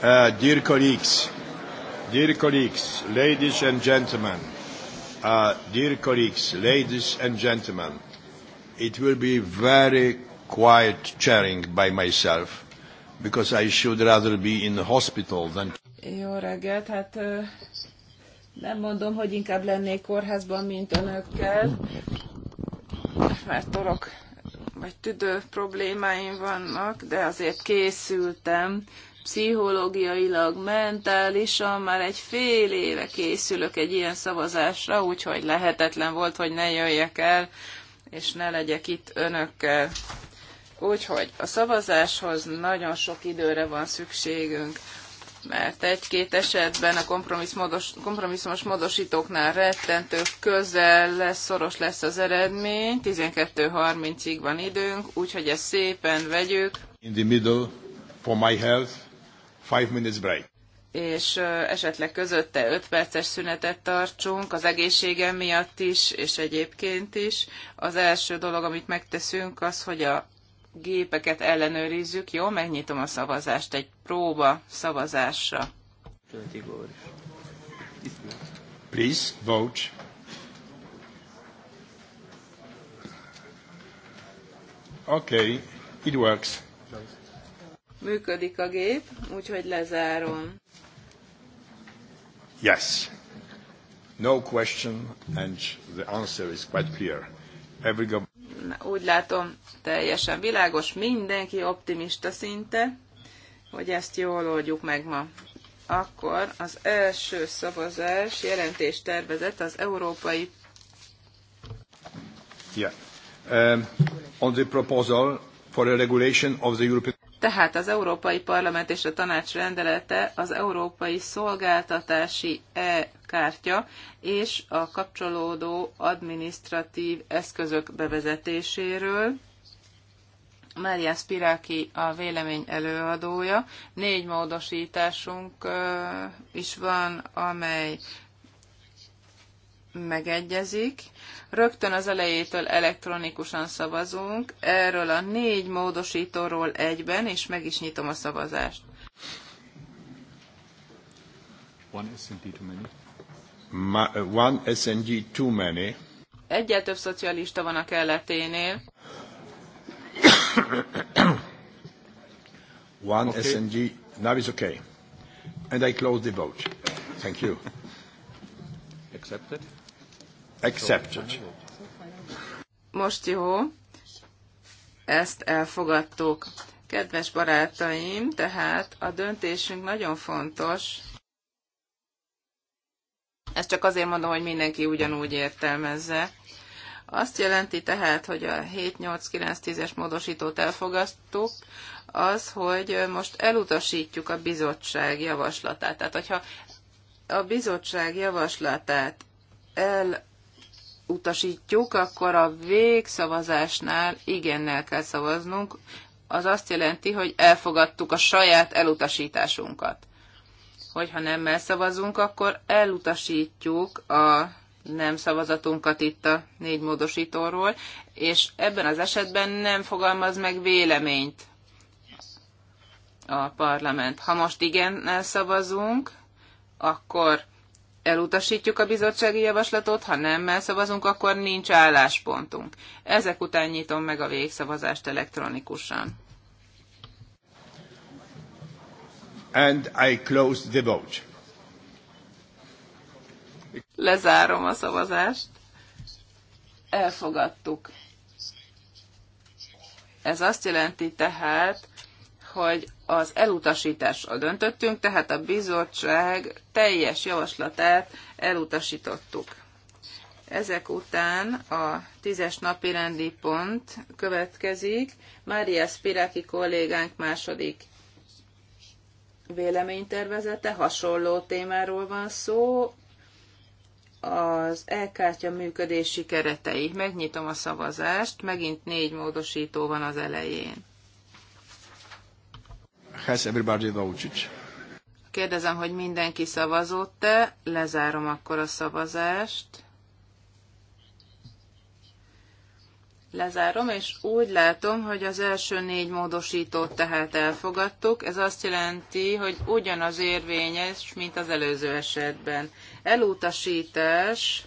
Uh, dear colleagues, dear colleagues, ladies and gentlemen, uh, dear colleagues, ladies and gentlemen, it will be very quiet chairing by myself, because I should rather be in the hospital than... Jó reggelt, hát nem mondom, hogy inkább lennék kórházban, mint önökkel, mert torok vagy tüdő problémáim vannak, de azért készültem pszichológiailag, mentálisan már egy fél éve készülök egy ilyen szavazásra, úgyhogy lehetetlen volt, hogy ne jöjjek el, és ne legyek itt önökkel. Úgyhogy a szavazáshoz nagyon sok időre van szükségünk, mert egy-két esetben a kompromisszumos, kompromisszumos módosítóknál rettentő közel lesz, szoros lesz az eredmény, 12.30-ig van időnk, úgyhogy ezt szépen vegyük. In the middle for my health five minutes break. És esetleg közötte 5 perces szünetet tartsunk, az egészségem miatt is, és egyébként is. Az első dolog, amit megteszünk, az, hogy a gépeket ellenőrizzük. Jó, megnyitom a szavazást egy próba szavazásra. Please vote. Okay, it works. Működik a gép, úgyhogy lezárom. Yes. No question, and the answer is quite clear. Every Na, úgy látom, teljesen világos, mindenki optimista szinte, hogy ezt jól oldjuk meg ma. Akkor az első szavazás jelentés tervezett az európai. Yeah. Um, on the proposal for a regulation of the European tehát az Európai Parlament és a Tanács rendelete az Európai Szolgáltatási E-kártya és a kapcsolódó administratív eszközök bevezetéséről. Mária Spiráki a vélemény előadója. Négy módosításunk is van, amely megegyezik. Rögtön az elejétől elektronikusan szavazunk. Erről a négy módosítóról egyben, és meg is nyitom a szavazást. One SND too many. Ma, uh, one SND too many. Egyel több szocialista van a kelleténél. one okay. SND, now is okay. And I close the vote. Thank you. Accepted. Accepted. Most jó. Ezt elfogadtuk. Kedves barátaim, tehát a döntésünk nagyon fontos. Ezt csak azért mondom, hogy mindenki ugyanúgy értelmezze. Azt jelenti tehát, hogy a 7-8-9-10-es módosítót elfogadtuk, az, hogy most elutasítjuk a bizottság javaslatát. Tehát, hogyha a bizottság javaslatát el Utasítjuk, akkor a végszavazásnál igennel kell szavaznunk. Az azt jelenti, hogy elfogadtuk a saját elutasításunkat. Hogyha nem szavazunk, akkor elutasítjuk a nem szavazatunkat itt a négy módosítóról, és ebben az esetben nem fogalmaz meg véleményt a parlament. Ha most igen szavazunk, akkor elutasítjuk a bizottsági javaslatot, ha nemmel szavazunk, akkor nincs álláspontunk. Ezek után nyitom meg a végszavazást elektronikusan. And I close the vote. Lezárom a szavazást. Elfogadtuk. Ez azt jelenti tehát, hogy az elutasításról döntöttünk, tehát a bizottság teljes javaslatát elutasítottuk. Ezek után a tízes napi rendi pont következik. Mária Spiráki kollégánk második véleménytervezete, hasonló témáról van szó, az elkártya működési keretei. Megnyitom a szavazást, megint négy módosító van az elején. Has everybody voted? Kérdezem, hogy mindenki szavazott-e, lezárom akkor a szavazást. Lezárom, és úgy látom, hogy az első négy módosítót tehát elfogadtuk. Ez azt jelenti, hogy ugyanaz érvényes, mint az előző esetben. Elutasítás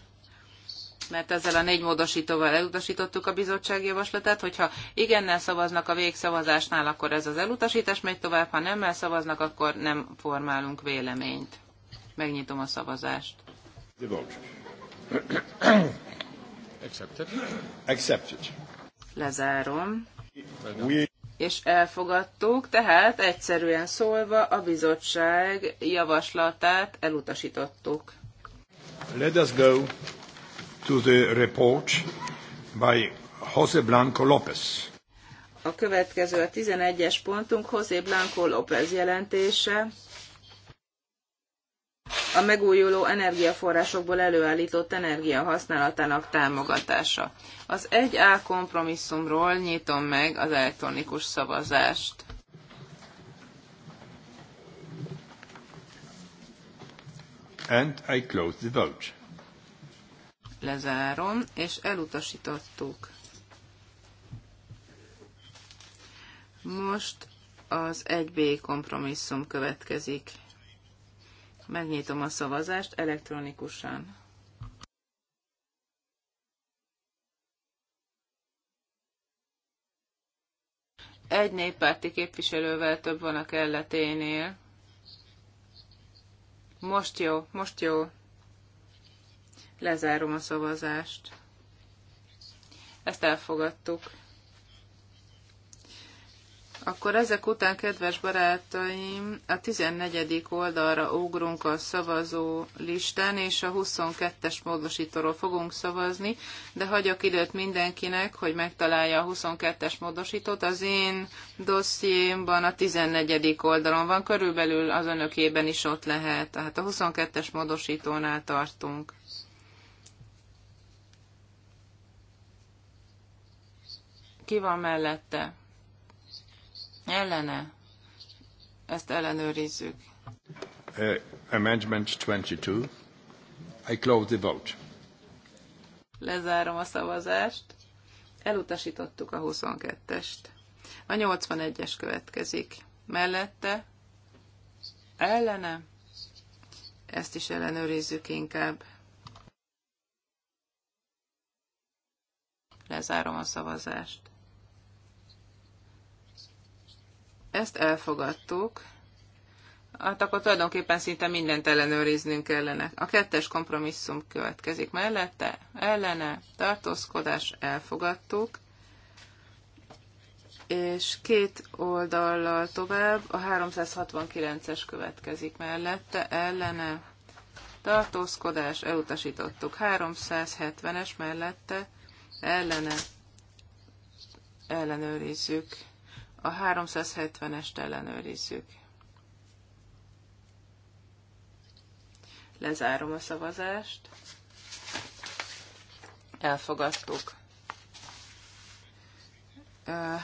mert ezzel a négy módosítóval elutasítottuk a bizottság javaslatát, hogyha igennel szavaznak a végszavazásnál, akkor ez az elutasítás megy tovább, ha nemmel szavaznak, akkor nem formálunk véleményt. Megnyitom a szavazást. Accepted. Accepted. Lezárom. We... És elfogadtuk, tehát egyszerűen szólva a bizottság javaslatát elutasítottuk. Let us go to the report by José Blanco López. A következő a 11-es pontunk José Blanco López jelentése. A megújuló energiaforrásokból előállított energia használatának támogatása. Az 1A kompromisszumról nyitom meg az elektronikus szavazást. And I close the vote lezárom, és elutasítottuk. Most az 1B kompromisszum következik. Megnyitom a szavazást elektronikusan. Egy néppárti képviselővel több van a kelleténél. Most jó, most jó. Lezárom a szavazást. Ezt elfogadtuk. Akkor ezek után, kedves barátaim, a 14. oldalra ugrunk a szavazó listán, és a 22-es módosítóról fogunk szavazni, de hagyok időt mindenkinek, hogy megtalálja a 22-es módosítót. Az én dossziémban a 14. oldalon van, körülbelül az önökében is ott lehet. Tehát a 22-es módosítónál tartunk. ki van mellette, ellene, ezt ellenőrizzük. Uh, amendment 22. I close the vote. Lezárom a szavazást. Elutasítottuk a 22-est. A 81-es következik. Mellette, ellene, ezt is ellenőrizzük inkább. Lezárom a szavazást. Ezt elfogadtuk. Hát akkor tulajdonképpen szinte mindent ellenőriznünk kellene. A kettes kompromisszum következik mellette, ellene, tartózkodás, elfogadtuk. És két oldallal tovább a 369-es következik mellette, ellene, tartózkodás, elutasítottuk. 370-es mellette, ellene, ellenőrizzük. A 370-est ellenőrizzük. Lezárom a szavazást. Elfogadtuk.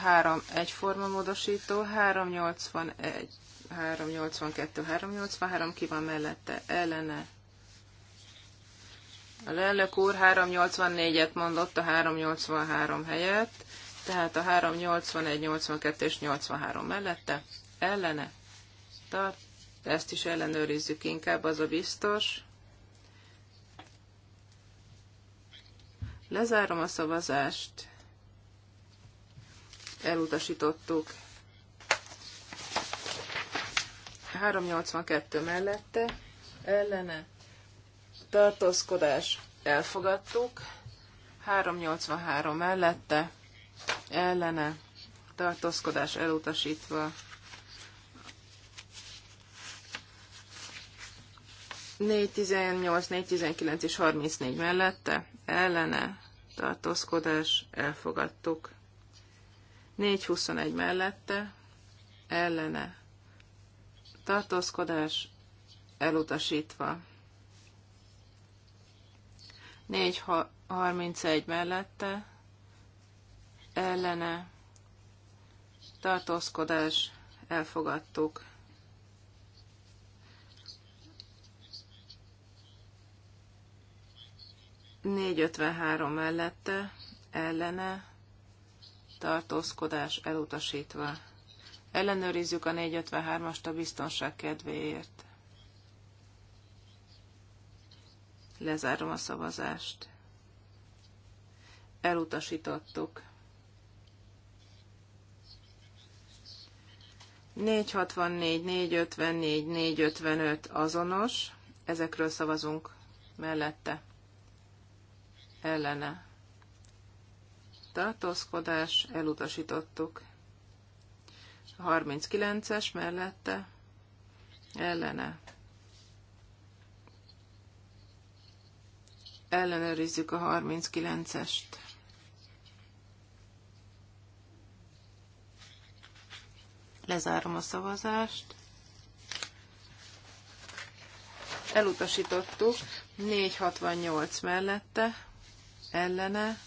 Három egyforma módosító, 381, 382, 383 ki van mellette, ellene. A lelnök úr 384-et mondott a 383 helyett. Tehát a 3, 81, 82 és 83 mellette, ellene, tart, de ezt is ellenőrizzük inkább, az a biztos. Lezárom a szavazást. Elutasítottuk. 382 mellette, ellene, tartózkodás, elfogadtuk. 383 mellette, ellene tartózkodás elutasítva. Négy 18, 4, 19 és 34 mellette ellene tartózkodás elfogadtuk. huszonegy mellette ellene tartózkodás elutasítva. harmincegy mellette ellene tartózkodás elfogadtuk. Négy ötvenhárom mellette ellene tartózkodás elutasítva. Ellenőrizzük a 453-ast a biztonság kedvéért. Lezárom a szavazást. Elutasítottuk. 464, 454, 455 azonos, ezekről szavazunk mellette, ellene. Tartózkodás, elutasítottuk. 39-es mellette, ellene. Ellenőrizzük a 39-est. Lezárom a szavazást. Elutasítottuk 468 mellette, ellene,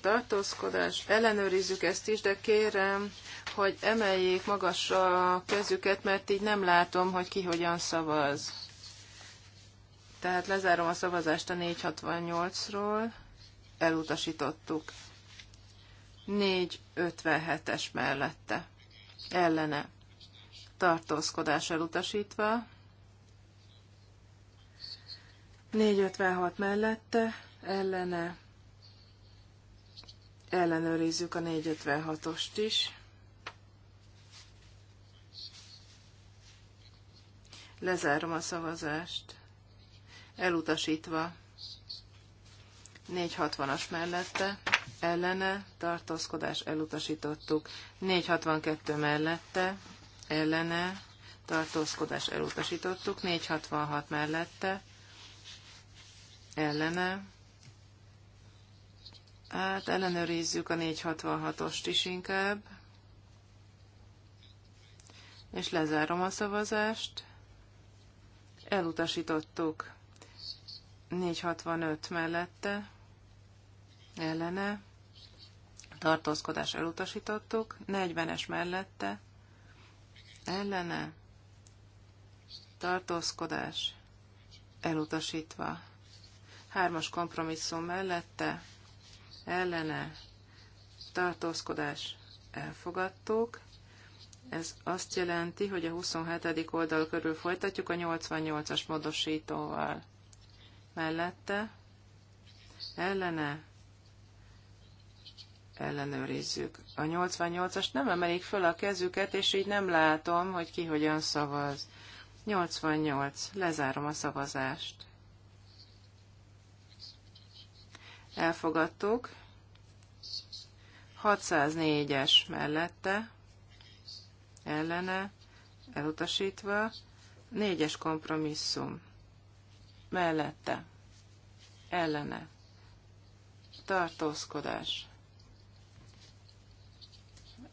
tartózkodás, ellenőrizzük ezt is, de kérem, hogy emeljék magasra a kezüket, mert így nem látom, hogy ki hogyan szavaz. Tehát lezárom a szavazást a 468-ról, elutasítottuk. 457-es mellette ellene tartózkodás elutasítva, 456 mellette ellene ellenőrizzük a 456-ost is. Lezárom a szavazást. Elutasítva. 460-as mellette ellene, tartózkodás elutasítottuk. 462 mellette, ellene, tartózkodás elutasítottuk. 466 mellette, ellene. Hát ellenőrizzük a 466-ost is inkább. És lezárom a szavazást. Elutasítottuk. 465 mellette, ellene tartózkodás elutasítottuk, 40-es mellette, ellene, tartózkodás elutasítva, hármas kompromisszum mellette, ellene, tartózkodás elfogadtuk, ez azt jelenti, hogy a 27. oldal körül folytatjuk a 88-as módosítóval. Mellette, ellene, ellenőrizzük. A 88-as nem emelik föl a kezüket, és így nem látom, hogy ki hogyan szavaz. 88. Lezárom a szavazást. Elfogadtuk. 604-es mellette, ellene, elutasítva. 4-es kompromisszum. Mellette, ellene. Tartózkodás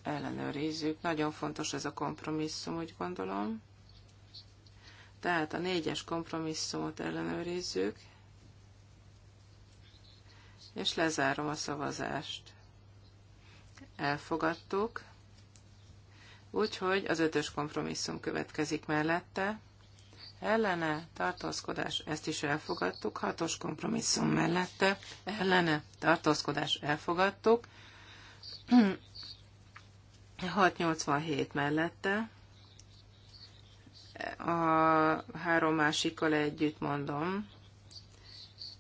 ellenőrizzük. Nagyon fontos ez a kompromisszum, úgy gondolom. Tehát a négyes kompromisszumot ellenőrizzük, és lezárom a szavazást. Elfogadtuk. Úgyhogy az ötös kompromisszum következik mellette. Ellene, tartózkodás, ezt is elfogadtuk. Hatos kompromisszum mellette. Ellene, tartózkodás, elfogadtuk. 687 mellette. A három másikkal együtt mondom.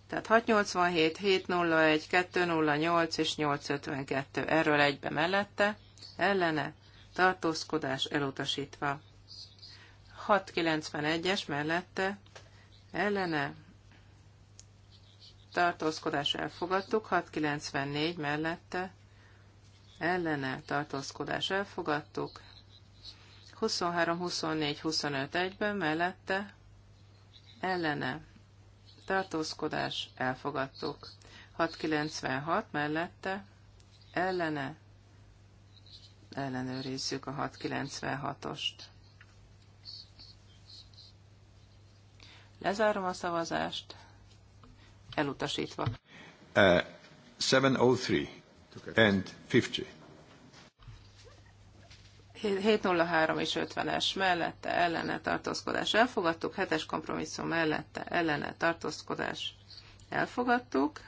Tehát 687, 701, 208 és 852. Erről egybe mellette. Ellene. Tartózkodás elutasítva. 691-es mellette. Ellene. Tartózkodás elfogadtuk. 694 mellette ellene tartózkodás elfogadtuk, 23, 24, 25 egyben mellette ellene tartózkodás elfogadtuk, 696 mellette ellene ellenőrizzük a 696-ost. Lezárom a szavazást, elutasítva. Uh, 703 and 50. 703 és 50-es mellette ellene tartózkodás elfogadtuk, 7-es kompromisszum mellette ellene tartózkodás elfogadtuk.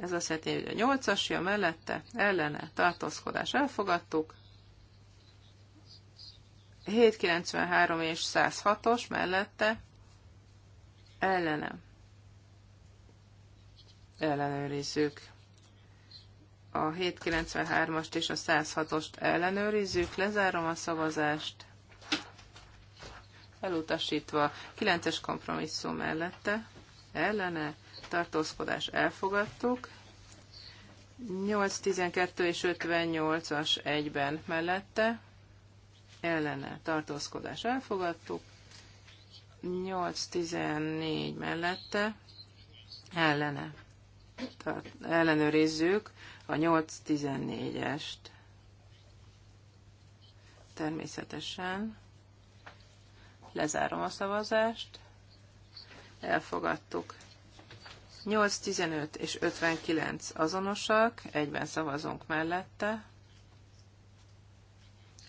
Ez azt jelenti, hogy a 8-as jön mellette ellene tartózkodás elfogadtuk. 793 és 106-os mellette ellene Ellenőrizzük a 793-ast és a 106-ost ellenőrizzük, lezárom a szavazást, elutasítva 9-es kompromisszum mellette, ellene, tartózkodás elfogadtuk, 8, 12 és 58-as egyben mellette, ellene, tartózkodás elfogadtuk, 8, 14 mellette, ellene, tart, ellenőrizzük, a 8-14-est. Természetesen lezárom a szavazást. Elfogadtuk. 8, 15 és 59 azonosak, egyben szavazunk mellette.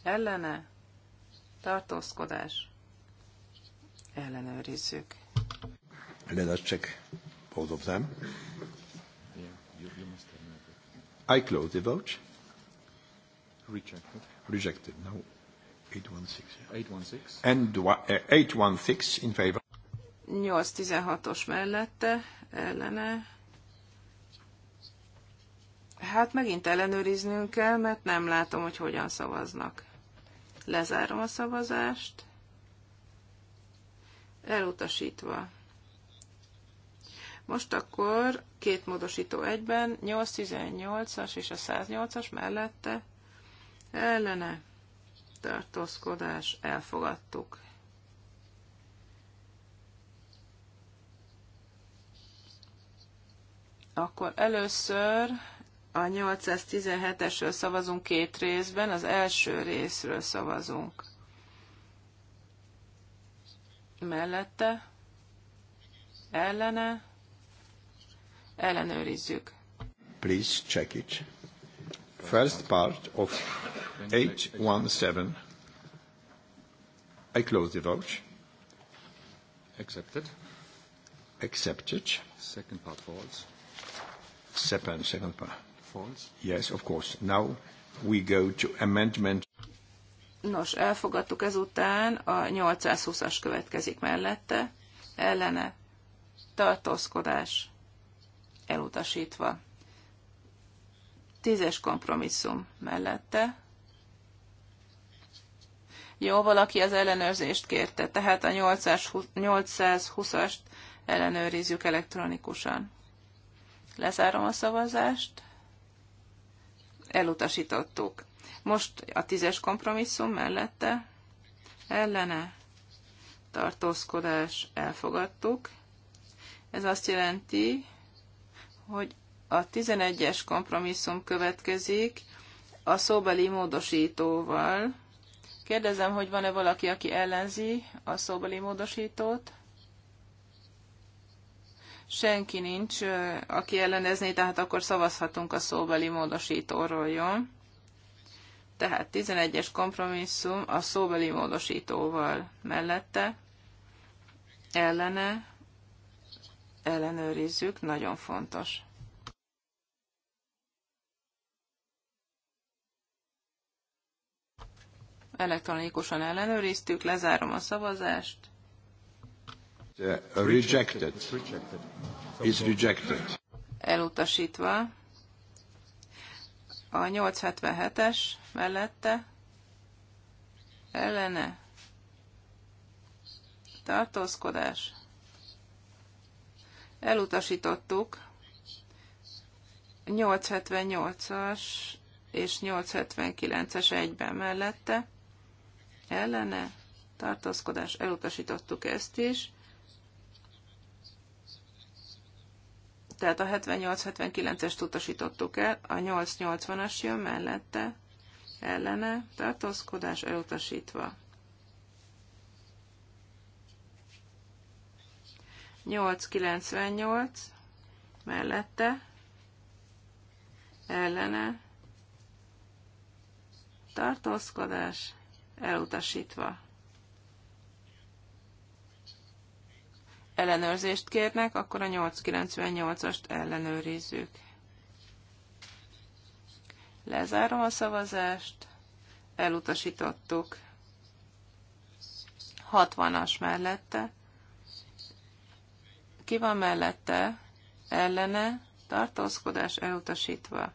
Ellene, tartózkodás, ellenőrizzük. Let us check both of them. I close the vote. Rejected. Rejected. No. 816. 816. And 816 eh, in favor. 816-os mellette, ellene. Hát megint ellenőriznünk kell, mert nem látom, hogy hogyan szavaznak. Lezárom a szavazást. Elutasítva. Most akkor két módosító egyben, 818-as és a 108-as mellette ellene tartózkodás elfogadtuk. Akkor először a 817-esről szavazunk két részben, az első részről szavazunk. Mellette, ellene, ellenőrizzük. Please check it. First part of 817. I close the vote. Accepted. Accepted. Second part false. Second, second part. False. Yes, of course. Now we go to amendment. Nos, elfogadtuk ezután, a 820-as következik mellette, ellene, tartózkodás, elutasítva. Tízes kompromisszum mellette. Jó, valaki az ellenőrzést kérte, tehát a 820-ast ellenőrizzük elektronikusan. Lezárom a szavazást. Elutasítottuk. Most a tízes kompromisszum mellette ellene tartózkodás elfogadtuk. Ez azt jelenti, hogy a 11-es kompromisszum következik a szóbeli módosítóval. Kérdezem, hogy van-e valaki, aki ellenzi a szóbeli módosítót? Senki nincs, aki ellenezné, tehát akkor szavazhatunk a szóbeli módosítóról, jó? Tehát 11-es kompromisszum a szóbeli módosítóval mellette, ellene, ellenőrizzük, nagyon fontos. Elektronikusan ellenőriztük, lezárom a szavazást. Rejected. Is rejected. Elutasítva. A 877-es mellette ellene tartózkodás Elutasítottuk 878-as és 879-es egyben mellette. Ellene tartózkodás elutasítottuk ezt is. Tehát a 78-79-est utasítottuk el, a 880-as jön mellette, ellene, tartózkodás elutasítva. 898 mellette ellene tartózkodás elutasítva. Ellenőrzést kérnek, akkor a 898-ast ellenőrizzük. Lezárom a szavazást, elutasítottuk. 60-as mellette ki van mellette? Ellene? Tartózkodás elutasítva.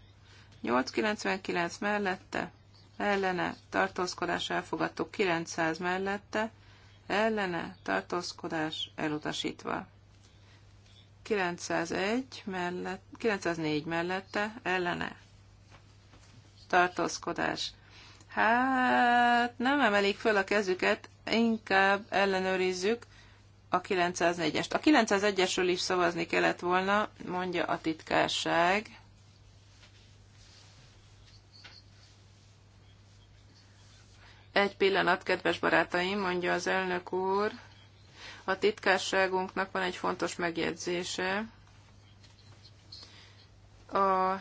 899 mellette? Ellene? Tartózkodás elfogadtuk. 900 mellette? Ellene? Tartózkodás elutasítva. 901 mellett, 904 mellette? Ellene? Tartózkodás. Hát nem emelik föl a kezüket, inkább ellenőrizzük a 904 est A 901-esről is szavazni kellett volna, mondja a titkárság. Egy pillanat, kedves barátaim, mondja az elnök úr. A titkárságunknak van egy fontos megjegyzése. A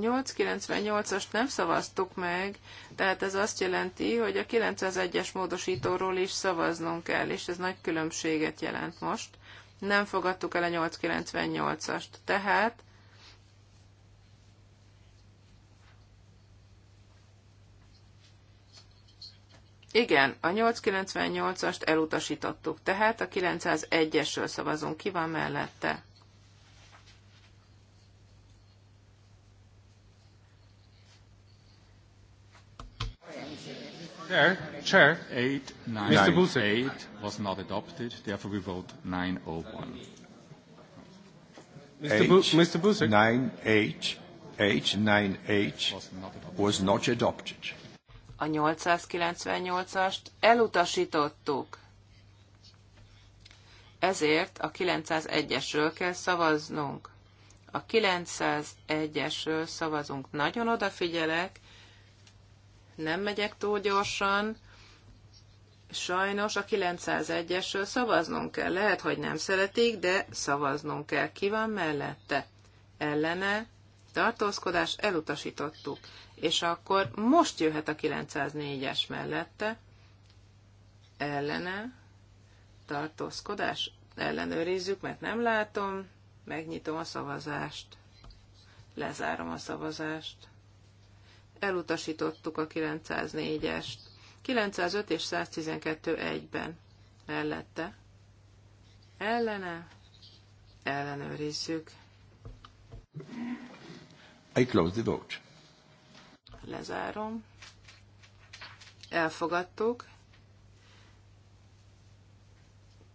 898-ast nem szavaztuk meg, tehát ez azt jelenti, hogy a 901-es módosítóról is szavaznunk kell, és ez nagy különbséget jelent most. Nem fogadtuk el a 898-ast. Tehát Igen, a 898-ast elutasítottuk, tehát a 901-esről szavazunk. Ki van mellette? Chair, Chair. 8, nine. Mr. Busek. Eight was not adopted, therefore we vote 901. Mr. Bu Mr. Busek. 9H, H, 9H was not adopted. A 898-ast elutasítottuk. Ezért a 901-esről kell szavaznunk. A 901-esről szavazunk. Nagyon odafigyelek, nem megyek túl gyorsan, sajnos a 901-esről szavaznunk kell. Lehet, hogy nem szeretik, de szavaznunk kell. Ki van mellette? Ellene, tartózkodás, elutasítottuk. És akkor most jöhet a 904-es mellette. Ellene, tartózkodás, ellenőrizzük, mert nem látom. Megnyitom a szavazást. Lezárom a szavazást elutasítottuk a 904-est. 905 és 112 egyben mellette. Ellene ellenőrizzük. I close the vote. Lezárom. Elfogadtuk.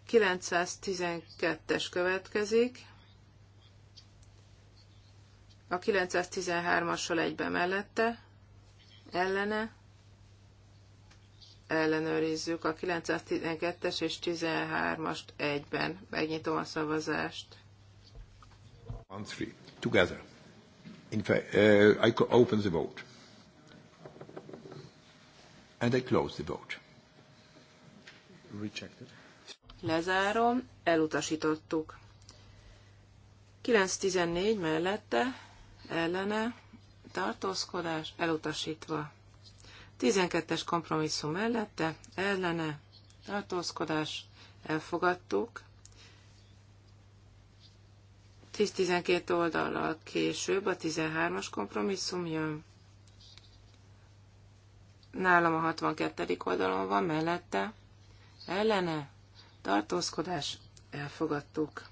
912-es következik. A 913-assal egyben mellette ellene. Ellenőrizzük a 912-es és 13-ast egyben. Megnyitom a szavazást. On three, together. In fact, uh, I open the vote. And I close the vote. Rejected. Lezárom, elutasítottuk. 914 mellette, ellene, tartózkodás elutasítva. 12-es kompromisszum mellette, ellene, tartózkodás elfogadtuk. 10-12 oldallal később a 13-as kompromisszum jön. Nálam a 62. oldalon van mellette, ellene, tartózkodás elfogadtuk.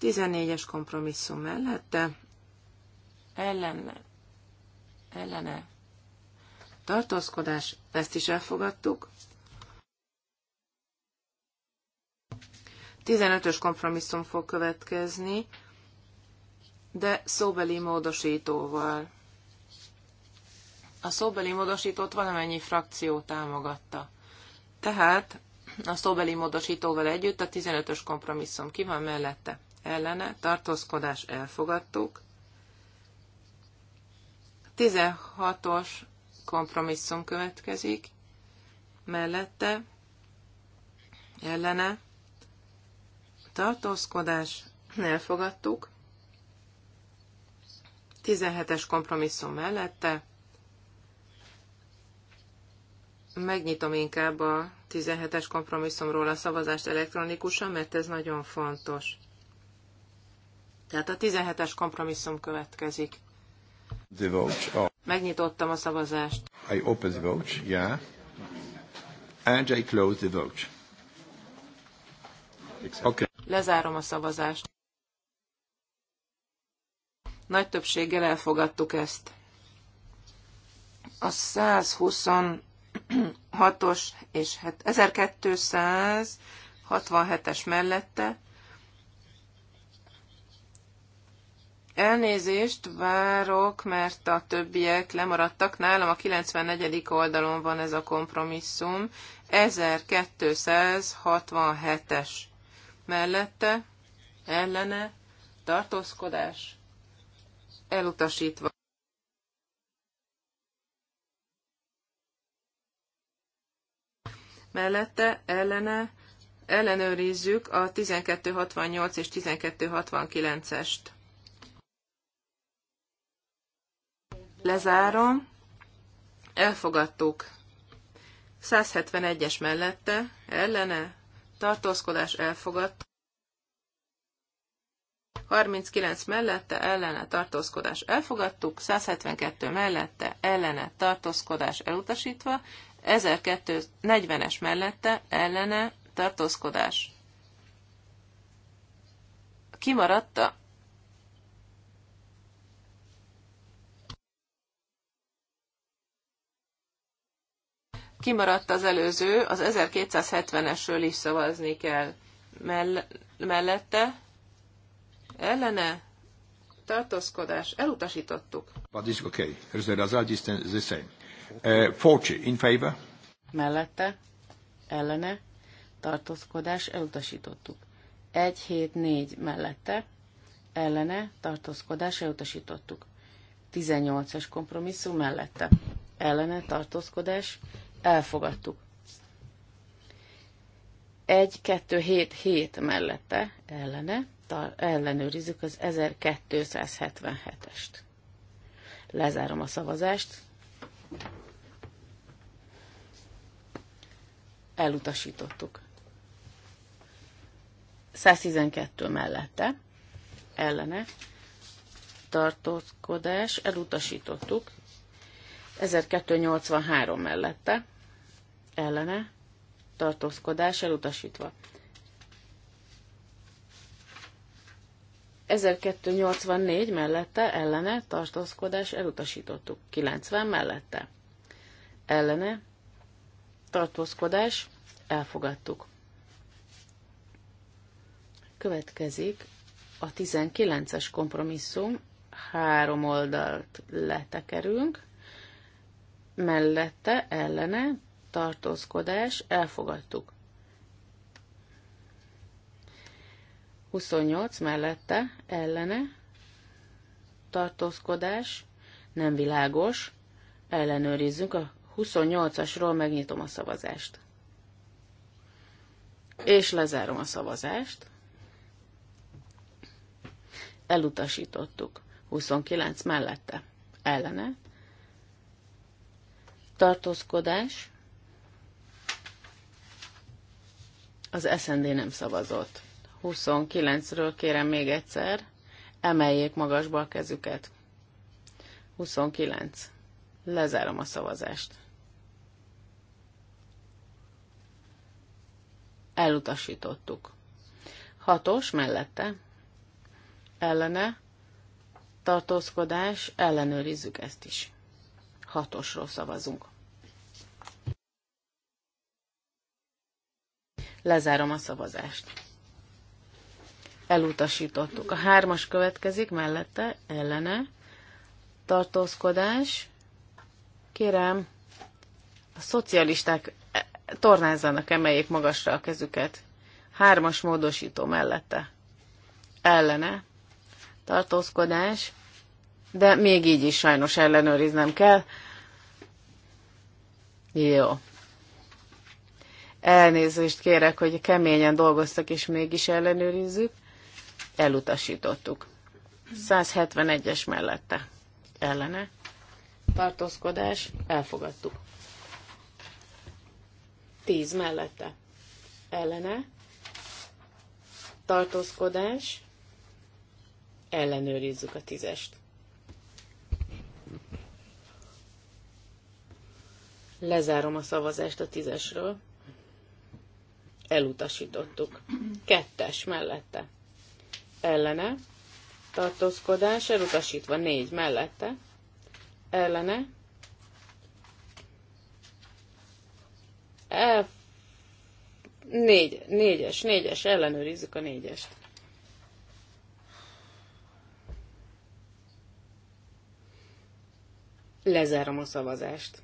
14-es kompromisszum mellette, ellene, ellene tartózkodás, ezt is elfogadtuk. 15-ös kompromisszum fog következni, de szóbeli módosítóval. A szóbeli módosítót valamennyi frakció támogatta. Tehát a szóbeli módosítóval együtt a 15-ös kompromisszum ki van mellette? Ellene, tartózkodás elfogadtuk. 16-os kompromisszum következik, mellette, ellene, tartózkodás, elfogadtuk, 17-es kompromisszum mellette, megnyitom inkább a 17-es kompromisszumról a szavazást elektronikusan, mert ez nagyon fontos. Tehát a 17-es kompromisszum következik. The vote. Oh. Megnyitottam a szavazást. I open the vote, yeah. And I close the vote. Okay. Lezárom a szavazást. Nagy többséggel elfogadtuk ezt. A 126-os és 1267-es mellette Elnézést várok, mert a többiek lemaradtak. Nálam a 94. oldalon van ez a kompromisszum. 1267-es. Mellette, ellene, tartózkodás, elutasítva. Mellette, ellene, ellenőrizzük a 1268 és 1269-est. Lezárom. Elfogadtuk. 171-es mellette, ellene, tartózkodás elfogadtuk. 39 mellette, ellene, tartózkodás elfogadtuk. 172 mellette, ellene, tartózkodás elutasítva. 1240-es mellette, ellene, tartózkodás. Kimaradt Kimaradt az előző, az 1270-esről is szavazni kell. Mell- mellette? Ellene? Tartózkodás. Elutasítottuk. But it's okay. The result is the same. Uh, 40 in favor. Mellette? Ellene? Tartózkodás. Elutasítottuk. 174 mellette, ellene tartózkodás elutasítottuk. 18-as kompromisszum mellette, ellene tartózkodás elfogadtuk. Egy-kettő-hét-hét mellette ellene ellenőrizzük az 1277-est. Lezárom a szavazást. Elutasítottuk. 112 mellette ellene tartózkodás elutasítottuk. 1283 mellette ellene tartózkodás elutasítva. 1284 mellette ellene tartózkodás elutasítottuk. 90 mellette ellene tartózkodás elfogadtuk. Következik a 19-es kompromisszum, három oldalt letekerünk, mellette, ellene, tartózkodás, elfogadtuk. 28 mellette, ellene, tartózkodás, nem világos, ellenőrizzünk a 28-asról, megnyitom a szavazást. És lezárom a szavazást. Elutasítottuk. 29 mellette. Ellene tartózkodás, az SND nem szavazott. 29-ről kérem még egyszer, emeljék magasba a kezüket. 29. Lezárom a szavazást. Elutasítottuk. Hatos mellette. Ellene. Tartózkodás. Ellenőrizzük ezt is hatosról szavazunk. Lezárom a szavazást. Elutasítottuk. A hármas következik, mellette, ellene, tartózkodás. Kérem, a szocialisták e, tornázzanak, emeljék magasra a kezüket. Hármas módosító mellette. Ellene. Tartózkodás de még így is sajnos ellenőriznem kell. Jó. Elnézést kérek, hogy keményen dolgoztak, és mégis ellenőrizzük. Elutasítottuk. 171-es mellette. Ellene. Tartózkodás. Elfogadtuk. 10 mellette. Ellene. Tartózkodás. Ellenőrizzük a tízest. Lezárom a szavazást a tízesről. Elutasítottuk. Kettes mellette. Ellene. Tartózkodás elutasítva. Négy mellette. Ellene. E... Négy, négyes, négyes, ellenőrizzük a négyest. Lezárom a szavazást.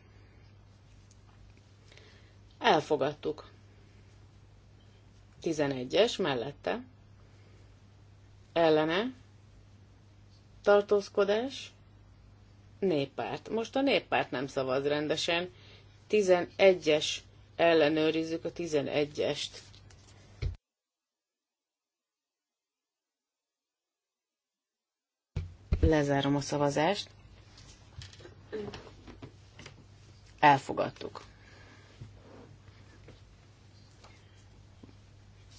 Elfogadtuk. 11-es mellette. Ellene. Tartózkodás. Néppárt. Most a néppárt nem szavaz rendesen. 11-es. Ellenőrizzük a 11-est. Lezárom a szavazást. Elfogadtuk.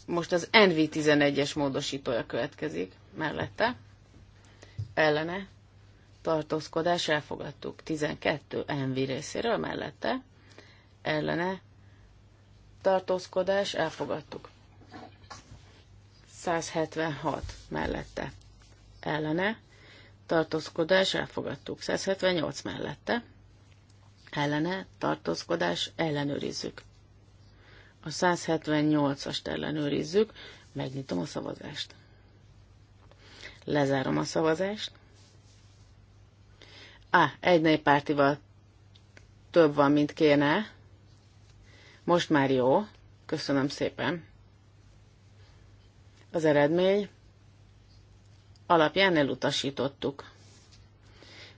Most az NV11-es módosítója következik mellette. Ellene tartózkodás elfogadtuk. 12 NV részéről mellette. Ellene tartózkodás elfogadtuk. 176 mellette. Ellene tartózkodás elfogadtuk. 178 mellette. Ellene tartózkodás ellenőrizzük. A 178-ast ellenőrizzük, megnyitom a szavazást. Lezárom a szavazást. Á, ah, egy néppártival több van, mint kéne. Most már jó. Köszönöm szépen. Az eredmény alapján elutasítottuk.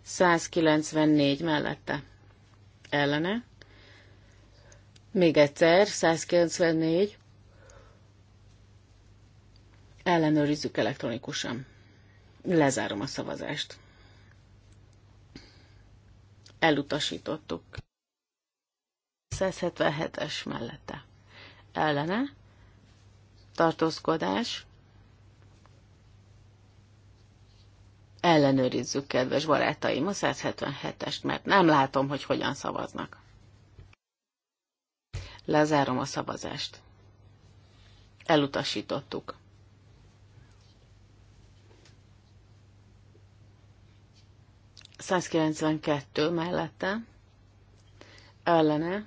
194 mellette. Ellene. Még egyszer, 194. Ellenőrizzük elektronikusan. Lezárom a szavazást. Elutasítottuk. 177-es mellette. Ellene. Tartózkodás. Ellenőrizzük, kedves barátaim, a 177-est, mert nem látom, hogy hogyan szavaznak. Lezárom a szavazást. Elutasítottuk. kettő mellette, ellene,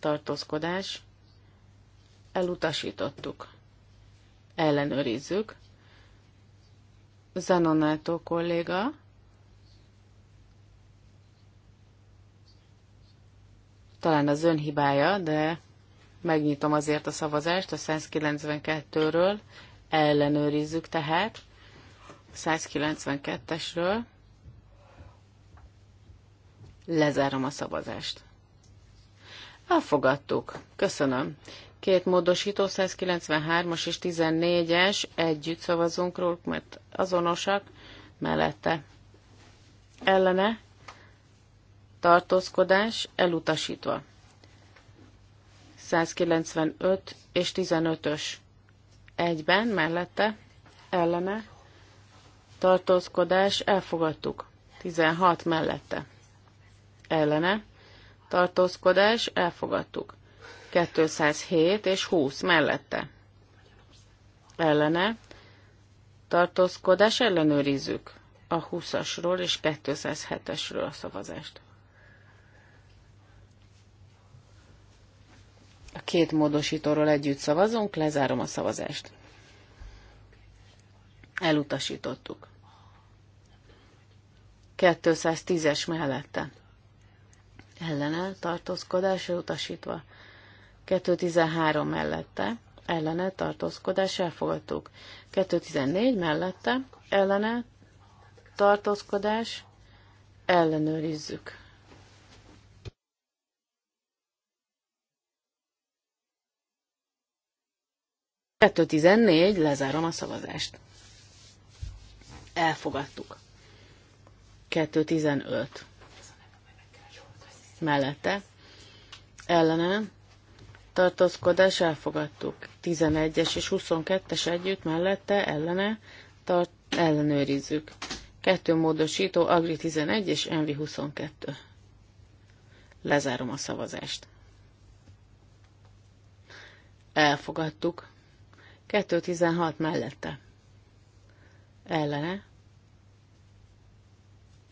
tartózkodás, elutasítottuk. Ellenőrizzük. Zanonátó kolléga Talán az ön hibája, de megnyitom azért a szavazást a 192-ről, ellenőrizzük tehát 192-esről. Lezárom a szavazást. Elfogadtuk. Köszönöm. Két módosító, 193-as és 14-es, együtt szavazunk róluk, mert azonosak, mellette. Ellene tartózkodás elutasítva. 195 és 15-ös egyben mellette ellene tartózkodás elfogadtuk. 16 mellette ellene tartózkodás elfogadtuk. 207 és 20 mellette ellene tartózkodás ellenőrizzük a 20-asról és 207-esről a szavazást. két módosítóról együtt szavazunk, lezárom a szavazást. Elutasítottuk. 210-es mellette. Ellene tartózkodás elutasítva. 213 mellette. Ellene tartózkodás elfogadtuk. 214 mellette. Ellene tartózkodás ellenőrizzük. 214, lezárom a szavazást. Elfogadtuk. 215. Mellette. Ellene. Tartózkodás elfogadtuk. 11-es és 22-es együtt mellette ellene tart, ellenőrizzük. Kettő módosító, Agri 11 és Envi 22. Lezárom a szavazást. Elfogadtuk. 2.16 mellette. Ellene.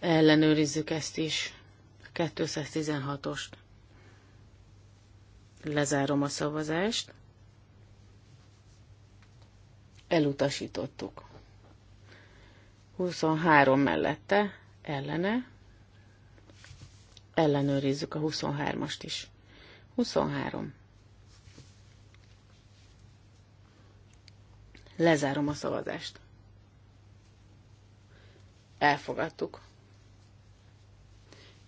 Ellenőrizzük ezt is. 216-ost. Lezárom a szavazást. Elutasítottuk. 23 mellette, ellene. Ellenőrizzük a 23-ast is. 23. Lezárom a szavazást. Elfogadtuk.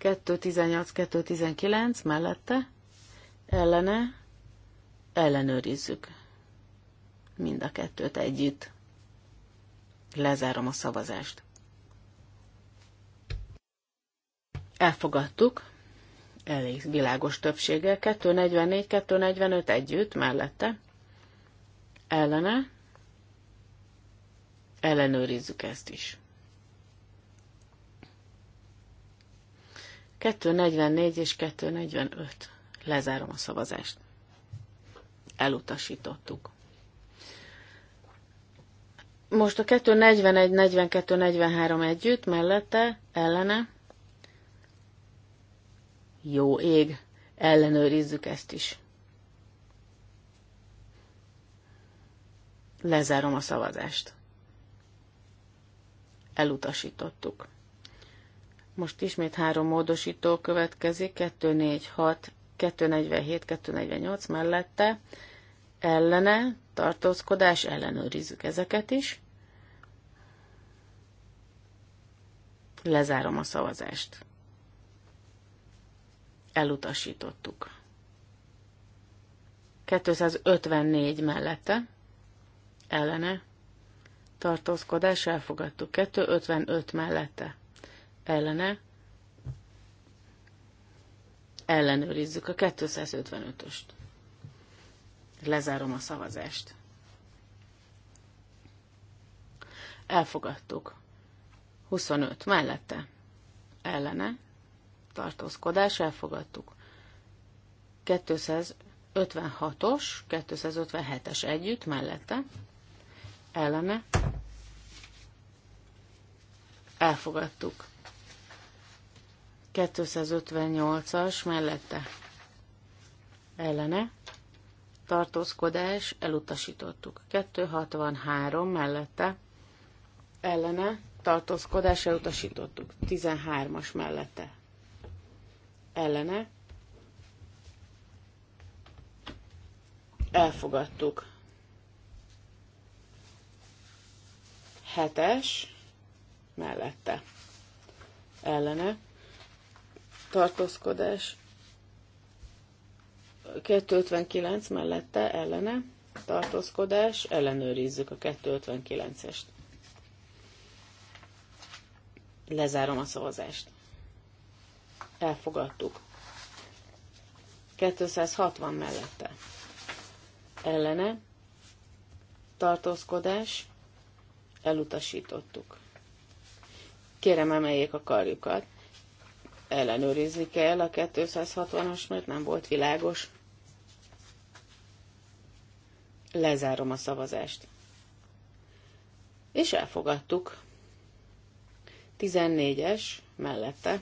218-219 mellette, ellene, ellenőrizzük. Mind a kettőt együtt. Lezárom a szavazást. Elfogadtuk. Elég világos többséggel. 244-245 együtt, mellette, ellene, ellenőrizzük ezt is. 244 és 245. Lezárom a szavazást. Elutasítottuk. Most a 241, 42, 43 együtt, mellette, ellene. Jó ég, ellenőrizzük ezt is. Lezárom a szavazást. 242-43 elutasítottuk. Most ismét három módosító következik, 246, 247, 248 mellette, ellene, tartózkodás, ellenőrizzük ezeket is. Lezárom a szavazást. Elutasítottuk. 254 mellette, ellene, tartózkodás elfogadtuk. 255 mellette ellene ellenőrizzük a 255-öst. Lezárom a szavazást. Elfogadtuk. 25 mellette ellene tartózkodás elfogadtuk. 256-os, 257-es együtt mellette ellene elfogadtuk. 258-as mellette ellene tartózkodás elutasítottuk. 263 mellette ellene tartózkodás elutasítottuk. 13-as mellette ellene elfogadtuk. hetes mellette ellene tartózkodás 259 mellette ellene tartózkodás, ellenőrizzük a 259-est. Lezárom a szavazást. Elfogadtuk. 260 mellette. Ellene tartózkodás Elutasítottuk. Kérem, emeljék a karjukat. Ellenőrizni kell a 260-as, mert nem volt világos. Lezárom a szavazást. És elfogadtuk. 14-es mellette.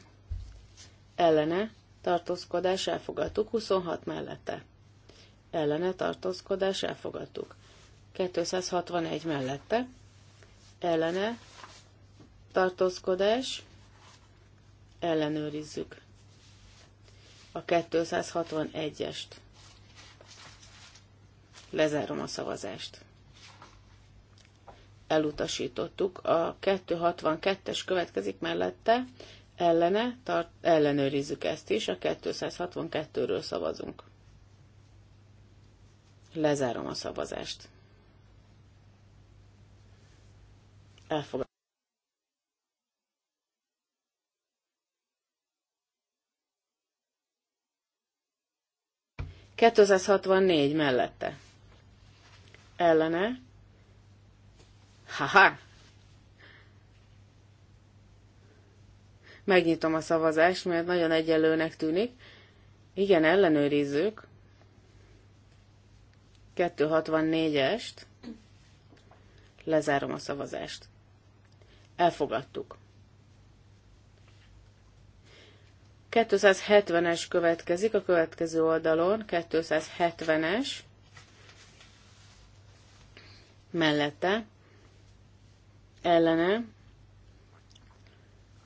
Ellene tartózkodás elfogadtuk. 26 mellette. Ellene tartózkodás elfogadtuk. 261 mellette ellene, tartózkodás, ellenőrizzük a 261-est. Lezárom a szavazást. Elutasítottuk. A 262-es következik mellette, ellene, tart, ellenőrizzük ezt is, a 262-ről szavazunk. Lezárom a szavazást. elfogadni. négy mellette. Ellene. Haha! Megnyitom a szavazást, mert nagyon egyenlőnek tűnik. Igen, ellenőrizzük. 264-est. Lezárom a szavazást. Elfogadtuk. 270-es következik a következő oldalon, 270-es mellette, ellene,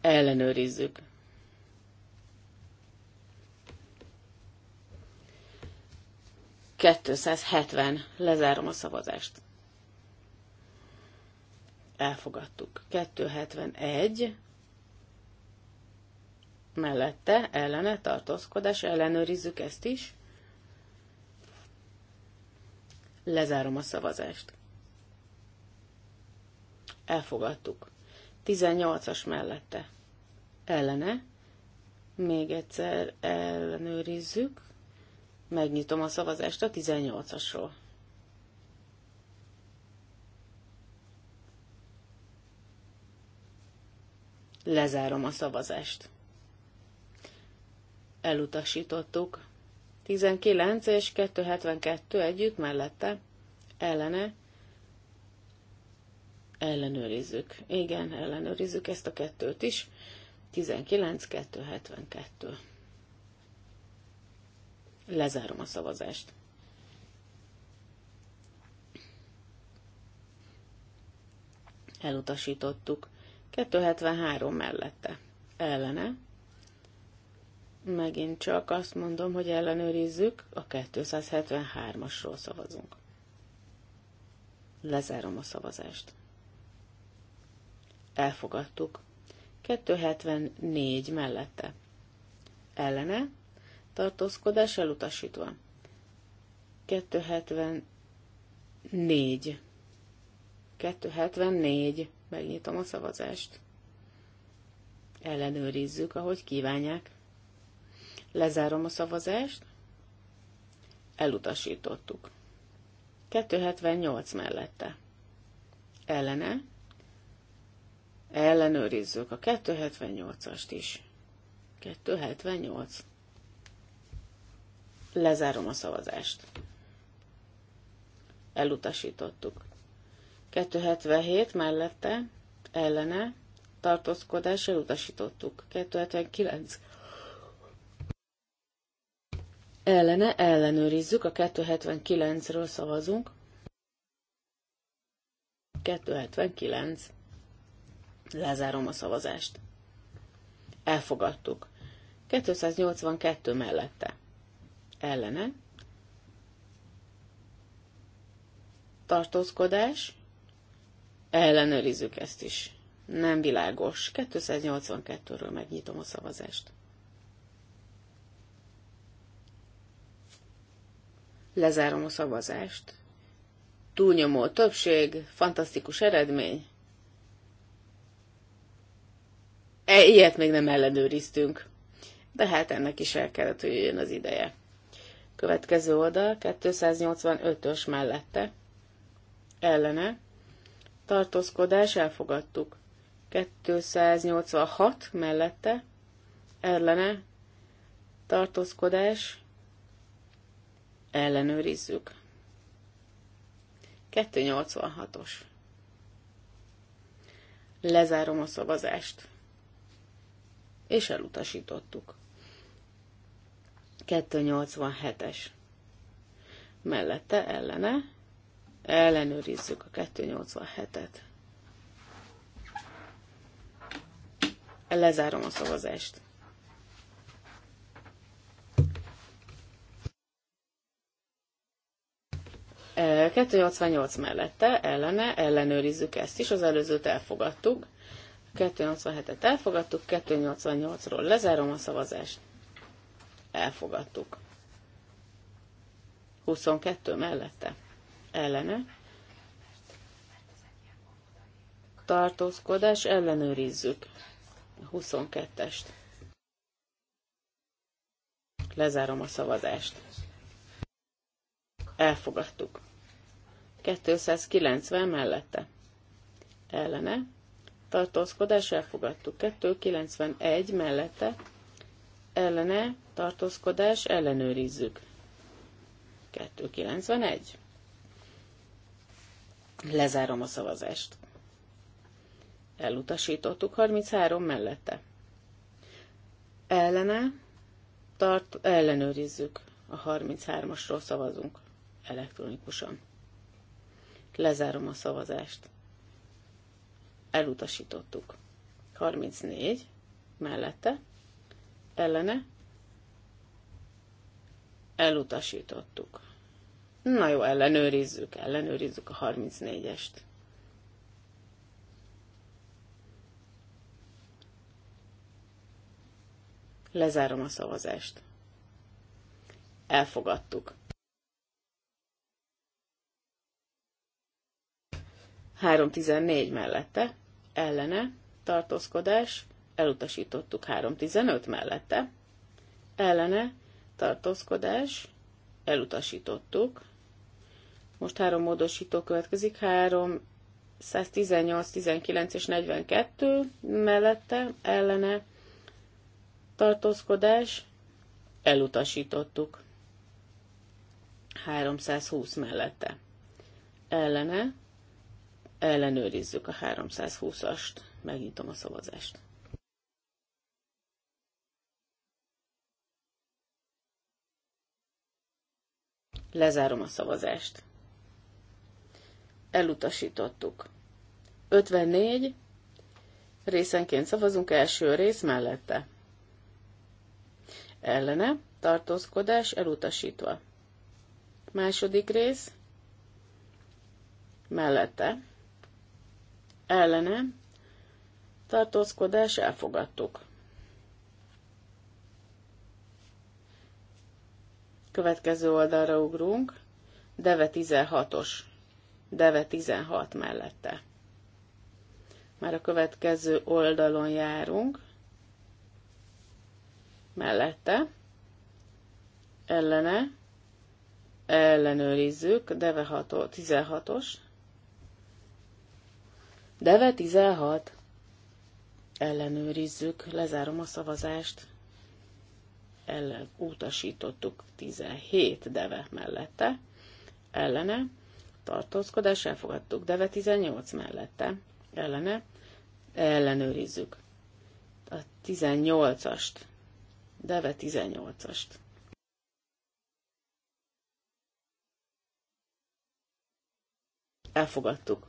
ellenőrizzük. Kettőszázhetven. Lezárom a szavazást elfogadtuk. 271 mellette ellene tartózkodás, ellenőrizzük ezt is. Lezárom a szavazást. Elfogadtuk. 18-as mellette ellene. Még egyszer ellenőrizzük. Megnyitom a szavazást a 18-asról. Lezárom a szavazást. Elutasítottuk. 19 és 272 együtt mellette, ellene, ellenőrizzük. Igen, ellenőrizzük ezt a kettőt is. 19 272. Lezárom a szavazást. Elutasítottuk. 273 mellette. Ellene. Megint csak azt mondom, hogy ellenőrizzük, a 273-asról szavazunk. Lezárom a szavazást. Elfogadtuk. 274 mellette. Ellene. Tartózkodás elutasítva. 274. 274. Megnyitom a szavazást. Ellenőrizzük, ahogy kívánják. Lezárom a szavazást. Elutasítottuk. 278 mellette. Ellene. Ellenőrizzük a 278-ast is. 278. Lezárom a szavazást. Elutasítottuk. 277 mellette, ellene, tartózkodás elutasítottuk. 279 ellene ellenőrizzük, a 279-ről szavazunk. 279. Lezárom a szavazást. Elfogadtuk. 282 mellette. Ellene. Tartózkodás. Ellenőrizzük ezt is. Nem világos. 282-ről megnyitom a szavazást. Lezárom a szavazást. Túlnyomó többség, fantasztikus eredmény. E, ilyet még nem ellenőriztünk. De hát ennek is el kellett, hogy jöjjön az ideje. Következő oldal, 285-ös mellette. Ellene tartózkodás elfogadtuk. 286 mellette ellene tartózkodás ellenőrizzük. 286-os. Lezárom a szavazást. És elutasítottuk. 287-es. Mellette ellene Ellenőrizzük a 287-et. Lezárom a szavazást. E, 288 mellette, ellene, ellenőrizzük ezt is, az előzőt elfogadtuk. 287-et elfogadtuk, 288-ról lezárom a szavazást. Elfogadtuk. 22 mellette ellene. Tartózkodás ellenőrizzük. A 22-est. Lezárom a szavazást. Elfogadtuk. 290 mellette. Ellene. Tartózkodás elfogadtuk. 291 mellette. Ellene. Tartózkodás ellenőrizzük. 291. Lezárom a szavazást. Elutasítottuk 33 mellette. Ellene tart, ellenőrizzük. A 33-asról szavazunk elektronikusan. Lezárom a szavazást. Elutasítottuk. 34 mellette. Ellene elutasítottuk. Na jó, ellenőrizzük, ellenőrizzük a 34-est. Lezárom a szavazást. Elfogadtuk. Három tizennégy mellette, ellene, tartózkodás, elutasítottuk 3.15 mellette, ellene, tartózkodás, elutasítottuk most három módosító következik, három 118, 19 és 42 mellette ellene tartózkodás elutasítottuk. 320 mellette. Ellene ellenőrizzük a 320-ast. Megnyitom a szavazást. Lezárom a szavazást elutasítottuk. 54 részenként szavazunk első rész mellette. Ellene tartózkodás elutasítva. Második rész mellette. Ellene tartózkodás elfogadtuk. Következő oldalra ugrunk. Deve 16-os Deve 16 mellette. Már a következő oldalon járunk. Mellette. Ellene. Ellenőrizzük. Deve 16-os. Deve 16. Ellenőrizzük. Lezárom a szavazást. Ellen utasítottuk 17 deve mellette. Ellene tartózkodás elfogadtuk. Deve 18 mellette ellene ellenőrizzük a 18-ast. Deve 18-ast. Elfogadtuk.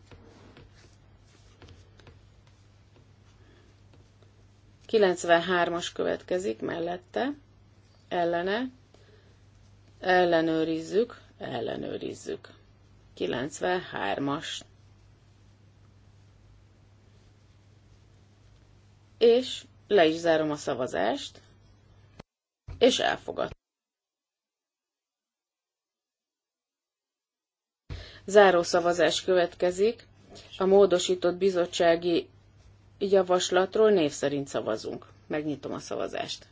93-as következik mellette, ellene, ellenőrizzük, ellenőrizzük. 93-as. És le is zárom a szavazást, és elfogad. Záró szavazás következik. A módosított bizottsági javaslatról név szerint szavazunk. Megnyitom a szavazást.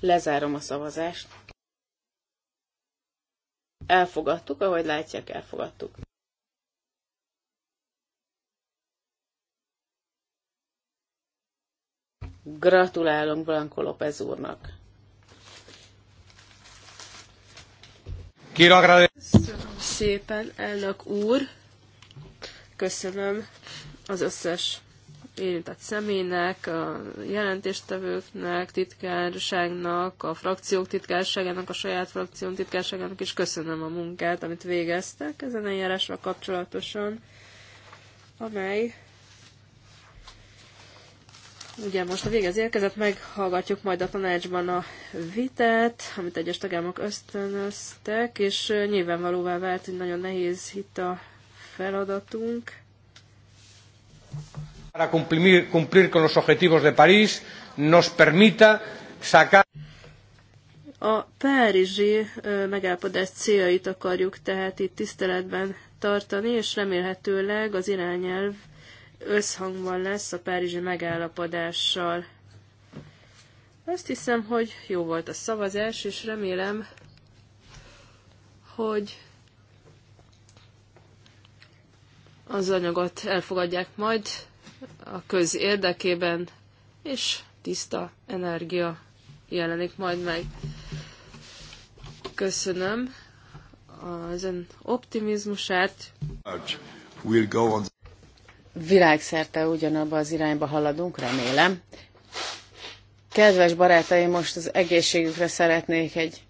Lezárom a szavazást. Elfogadtuk, ahogy látják, elfogadtuk. Gratulálunk Blanco López úrnak. Köszönöm szépen, elnök úr. Köszönöm az összes érintett személynek, a jelentéstevőknek, titkárságnak, a frakciók titkárságának, a saját frakción titkárságának is köszönöm a munkát, amit végeztek ezen eljárásra kapcsolatosan, amely ugye most a végez érkezett, meghallgatjuk majd a tanácsban a vitát, amit egyes tagállamok ösztönöztek, és nyilvánvalóvá vált, hogy nagyon nehéz itt a feladatunk para cumplir, cumplir con los objetivos de París nos permita sacar a párizsi megállapodás céljait akarjuk tehát itt tiszteletben tartani, és remélhetőleg az irányelv összhangban lesz a párizsi megállapodással. Azt hiszem, hogy jó volt a szavazás, és remélem, hogy az anyagot elfogadják majd a köz érdekében, és tiszta energia jelenik majd meg. Köszönöm az ön optimizmusát. Világszerte ugyanabba az irányba haladunk, remélem. Kedves barátaim, most az egészségükre szeretnék egy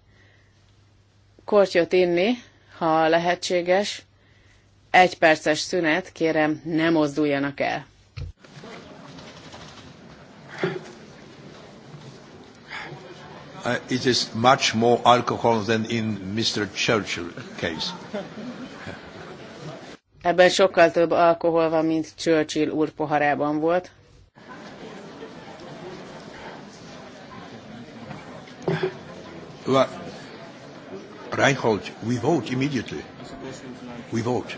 kortyot inni, ha lehetséges. Egy perces szünet, kérem, ne mozduljanak el. Uh, it is much more alcohol than in Mr. Churchill case. Ebben sokkal több alkohol van, mint Churchill úr poharában volt. Well, Reinhold, we vote immediately. We vote.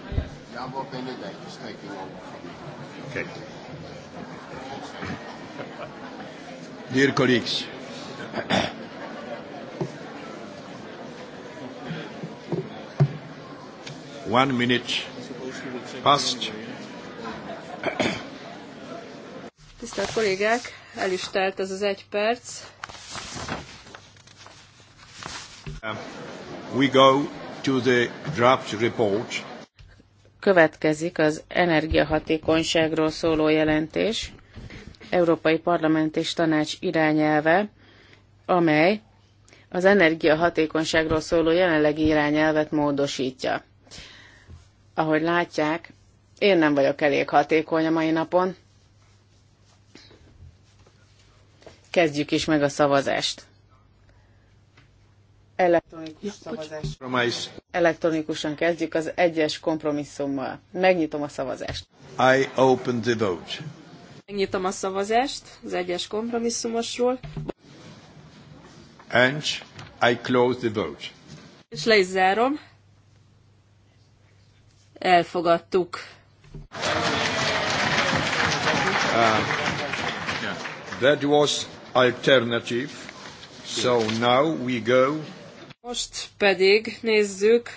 Okay. Dear colleagues, one minute past. Tisztelt kollégák, el is telt ez az egy perc. Uh, we go to the draft report. Következik az energiahatékonyságról szóló jelentés. Európai Parlament és Tanács irányelve, amely az energiahatékonyságról szóló jelenlegi irányelvet módosítja. Ahogy látják, én nem vagyok elég hatékony a mai napon. Kezdjük is meg a szavazást. Elektronikus szavazás. szavazást. Elektronikusan kezdjük az egyes kompromisszummal. Megnyitom a szavazást. I open the vote. Megnyitom a szavazást az egyes kompromisszumosról. And I close the vote. És le is zárom. Elfogadtuk. Uh, that was alternative. So now we go. Most pedig nézzük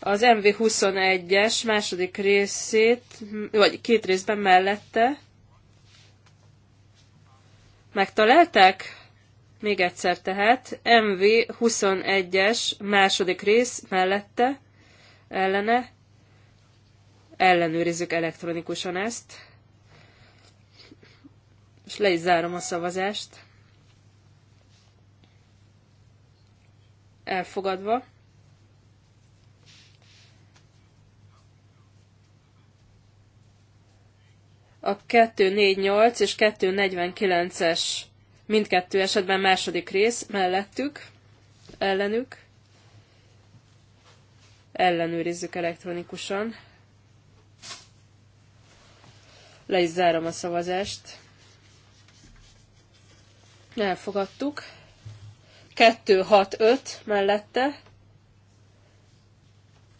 az MV21-es második részét, vagy két részben mellette Megtalálták? Még egyszer tehát, MV 21-es második rész mellette, ellene, ellenőrizzük elektronikusan ezt, és le is zárom a szavazást. Elfogadva. A 248 és 249-es mindkettő esetben második rész mellettük, ellenük. Ellenőrizzük elektronikusan. Le is zárom a szavazást. Elfogadtuk. 265 mellette.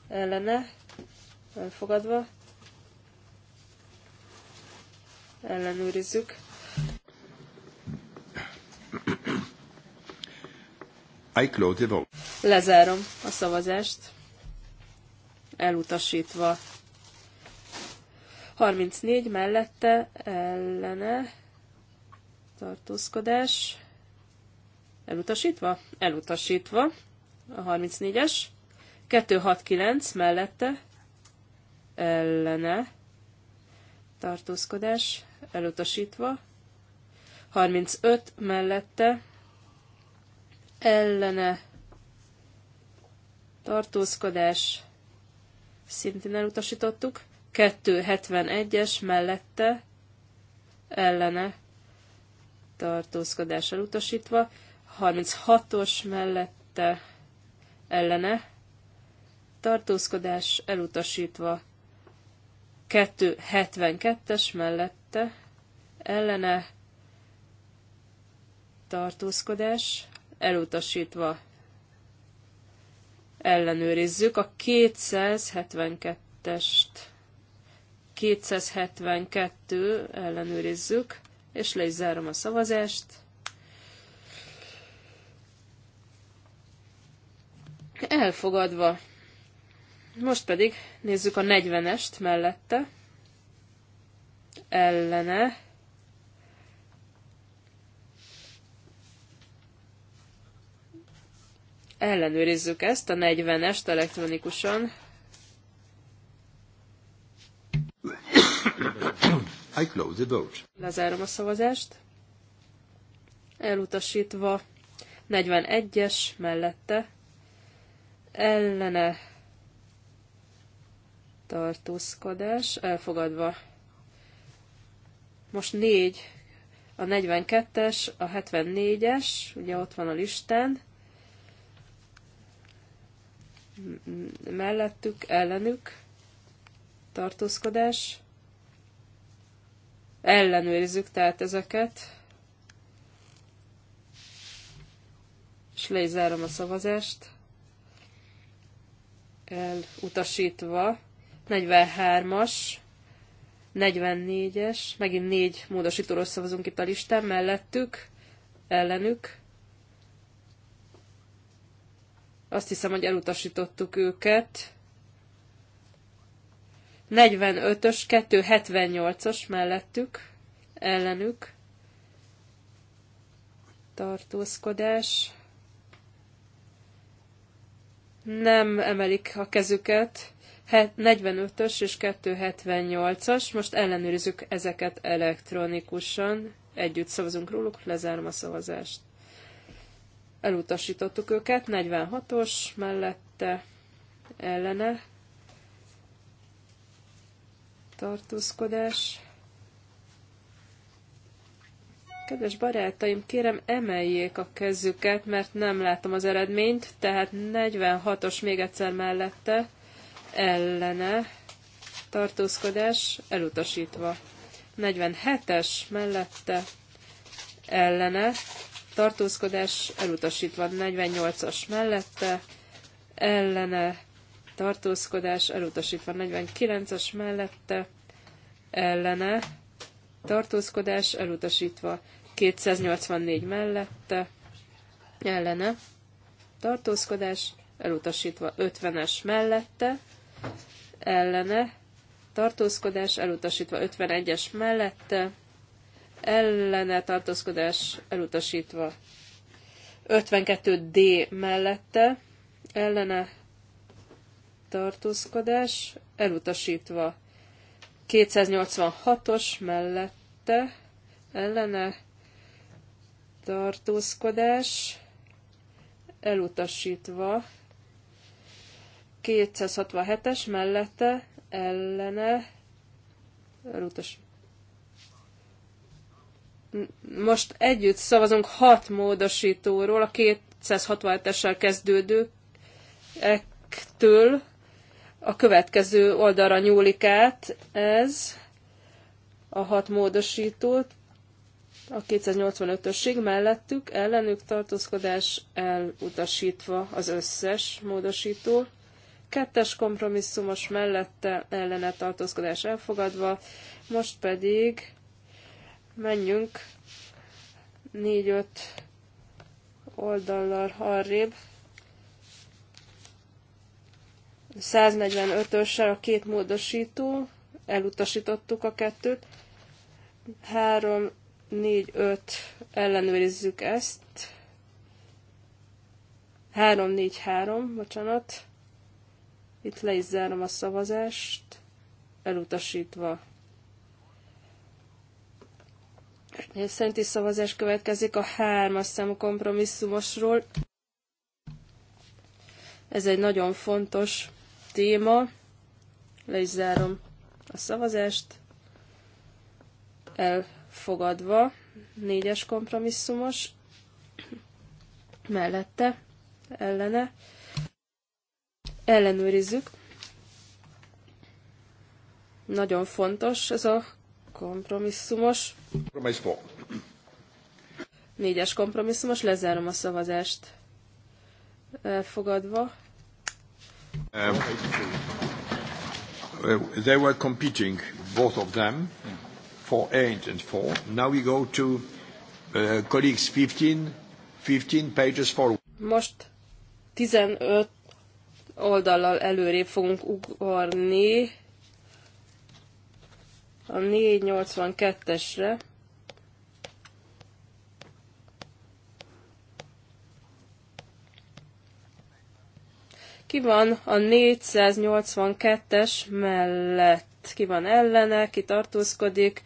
Ellene. Elfogadva ellenőrizzük. I close the vote. Lezárom a szavazást. Elutasítva. 34 mellette ellene tartózkodás. Elutasítva? Elutasítva. A 34-es. 269 mellette ellene tartózkodás elutasítva, 35 mellette, ellene tartózkodás, szintén elutasítottuk, 271-es mellette, ellene tartózkodás elutasítva, 36-os mellette, ellene tartózkodás elutasítva, 272-es mellett mellette ellene tartózkodás elutasítva ellenőrizzük a 272-est. 272 ellenőrizzük, és le is zárom a szavazást. Elfogadva. Most pedig nézzük a 40-est mellette ellene. Ellenőrizzük ezt, a 40-est elektronikusan. I close the vote. Lezárom a szavazást. Elutasítva 41-es mellette ellene tartózkodás elfogadva most négy, a 42-es, a 74-es, ugye ott van a listán, mellettük, ellenük, tartózkodás, ellenőrizzük tehát ezeket, és le is zárom a szavazást, elutasítva, 43-as, 44-es, megint négy módosítóról szavazunk itt a listán, mellettük, ellenük. Azt hiszem, hogy elutasítottuk őket. 45-ös, 278-as mellettük, ellenük. Tartózkodás. Nem emelik a kezüket. 45-ös és 278-as. Most ellenőrizzük ezeket elektronikusan. Együtt szavazunk róluk, lezárom a szavazást. Elutasítottuk őket, 46-os mellette ellene tartózkodás. Kedves barátaim, kérem emeljék a kezüket, mert nem látom az eredményt, tehát 46-os még egyszer mellette ellene tartózkodás elutasítva. 47-es mellette ellene tartózkodás elutasítva. 48-as mellette ellene tartózkodás elutasítva. 49-es mellette ellene tartózkodás elutasítva. 284 mellette ellene tartózkodás elutasítva. 50-es mellette ellene, tartózkodás elutasítva 51-es mellette, ellene tartózkodás elutasítva 52D mellette, ellene tartózkodás elutasítva 286-os mellette, ellene tartózkodás elutasítva 267-es mellette ellene elutas. Most együtt szavazunk hat módosítóról, a 267-essel kezdődő a következő oldalra nyúlik át ez a hat módosítót, a 285-össég mellettük ellenük tartózkodás elutasítva az összes módosító. Kettes kompromisszumos mellette ellene tartózkodás elfogadva. Most pedig menjünk 4-5 oldallal harrébb. 145-össel a két módosító, elutasítottuk a kettőt. 3, 4, 5 ellenőrizzük ezt. 3, 4, 3, bocsánat. Itt le is zárom a szavazást, elutasítva. Szenti szavazás következik a hármas számú kompromisszumosról. Ez egy nagyon fontos téma. Le is zárom a szavazást. Elfogadva. Négyes kompromisszumos. Mellette. Ellene ellenőrizzük. Nagyon fontos ez a kompromisszumos. Négyes kompromisszumos, lezárom a szavazást. Elfogadva. Um, uh, they were competing, both of them, for eight and four. Now we go to uh, colleagues 15, 15 pages forward. Most 15 oldallal előrébb fogunk ugorni a 482-esre. Ki van a 482-es mellett? Ki van ellene? Ki tartózkodik?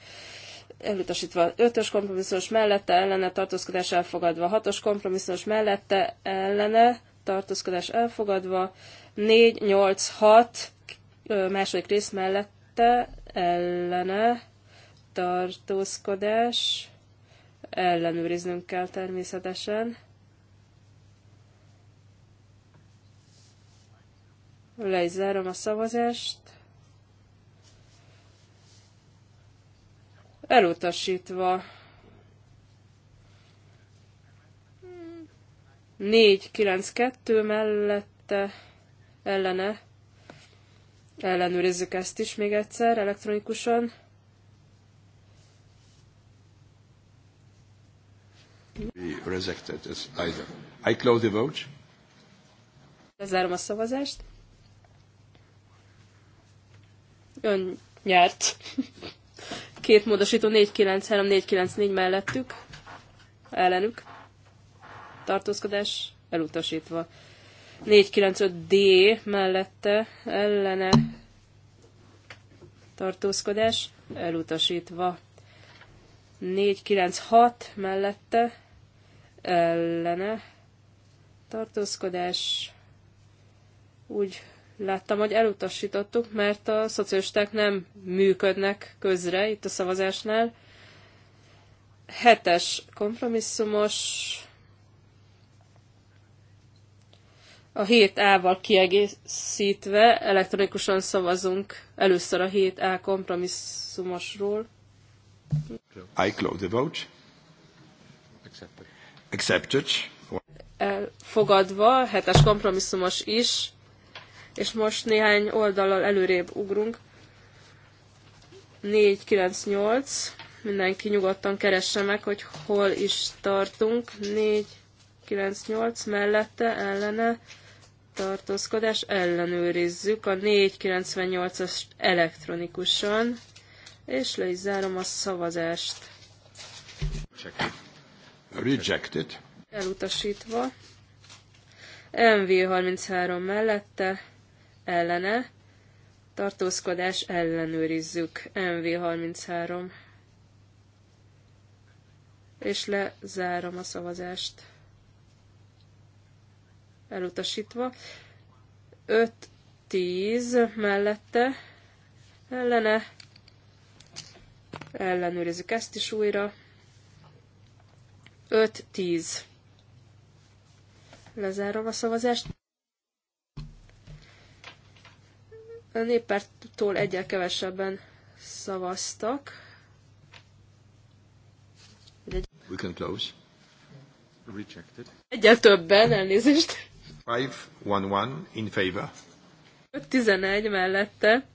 elutasítva 5-ös kompromisszós mellette ellene tartózkodás elfogadva, 6-os kompromisszós mellette ellene tartózkodás elfogadva, 4, 8, 6 második rész mellette ellene tartózkodás. Ellenőriznünk kell természetesen. Le is zárom a szavazást. Elutasítva 4-9-2 mellette ellene. Ellenőrizzük ezt is még egyszer elektronikusan. Be rejected I close the vote. Lezárom a szavazást. Ön nyert. Két módosító 493, 494 mellettük, ellenük. Tartózkodás elutasítva. 495D mellette ellene tartózkodás elutasítva. 496 mellette ellene tartózkodás úgy láttam, hogy elutasítottuk, mert a szocialisták nem működnek közre itt a szavazásnál. Hetes kompromisszumos a 7A-val kiegészítve elektronikusan szavazunk először a 7A kompromisszumosról. I close the vote. Accepted. Accepted. Elfogadva, hetes kompromisszumos is, és most néhány oldalal előrébb ugrunk. 498, mindenki nyugodtan keresse meg, hogy hol is tartunk. 498 mellette, ellene, tartózkodás ellenőrizzük a 498-as elektronikusan, és le is zárom a szavazást. Rejected. Elutasítva. MV33 mellette, ellene, tartózkodás ellenőrizzük. MV33. És lezárom a szavazást elutasítva. 5-10 mellette ellene. Ellenőrizzük ezt is újra. 5-10. Lezárom a szavazást. A néppártól egyel kevesebben szavaztak. We can close. Rejected. Egyel többen, elnézést. 5-1-1 in favor. 5-11 mellette.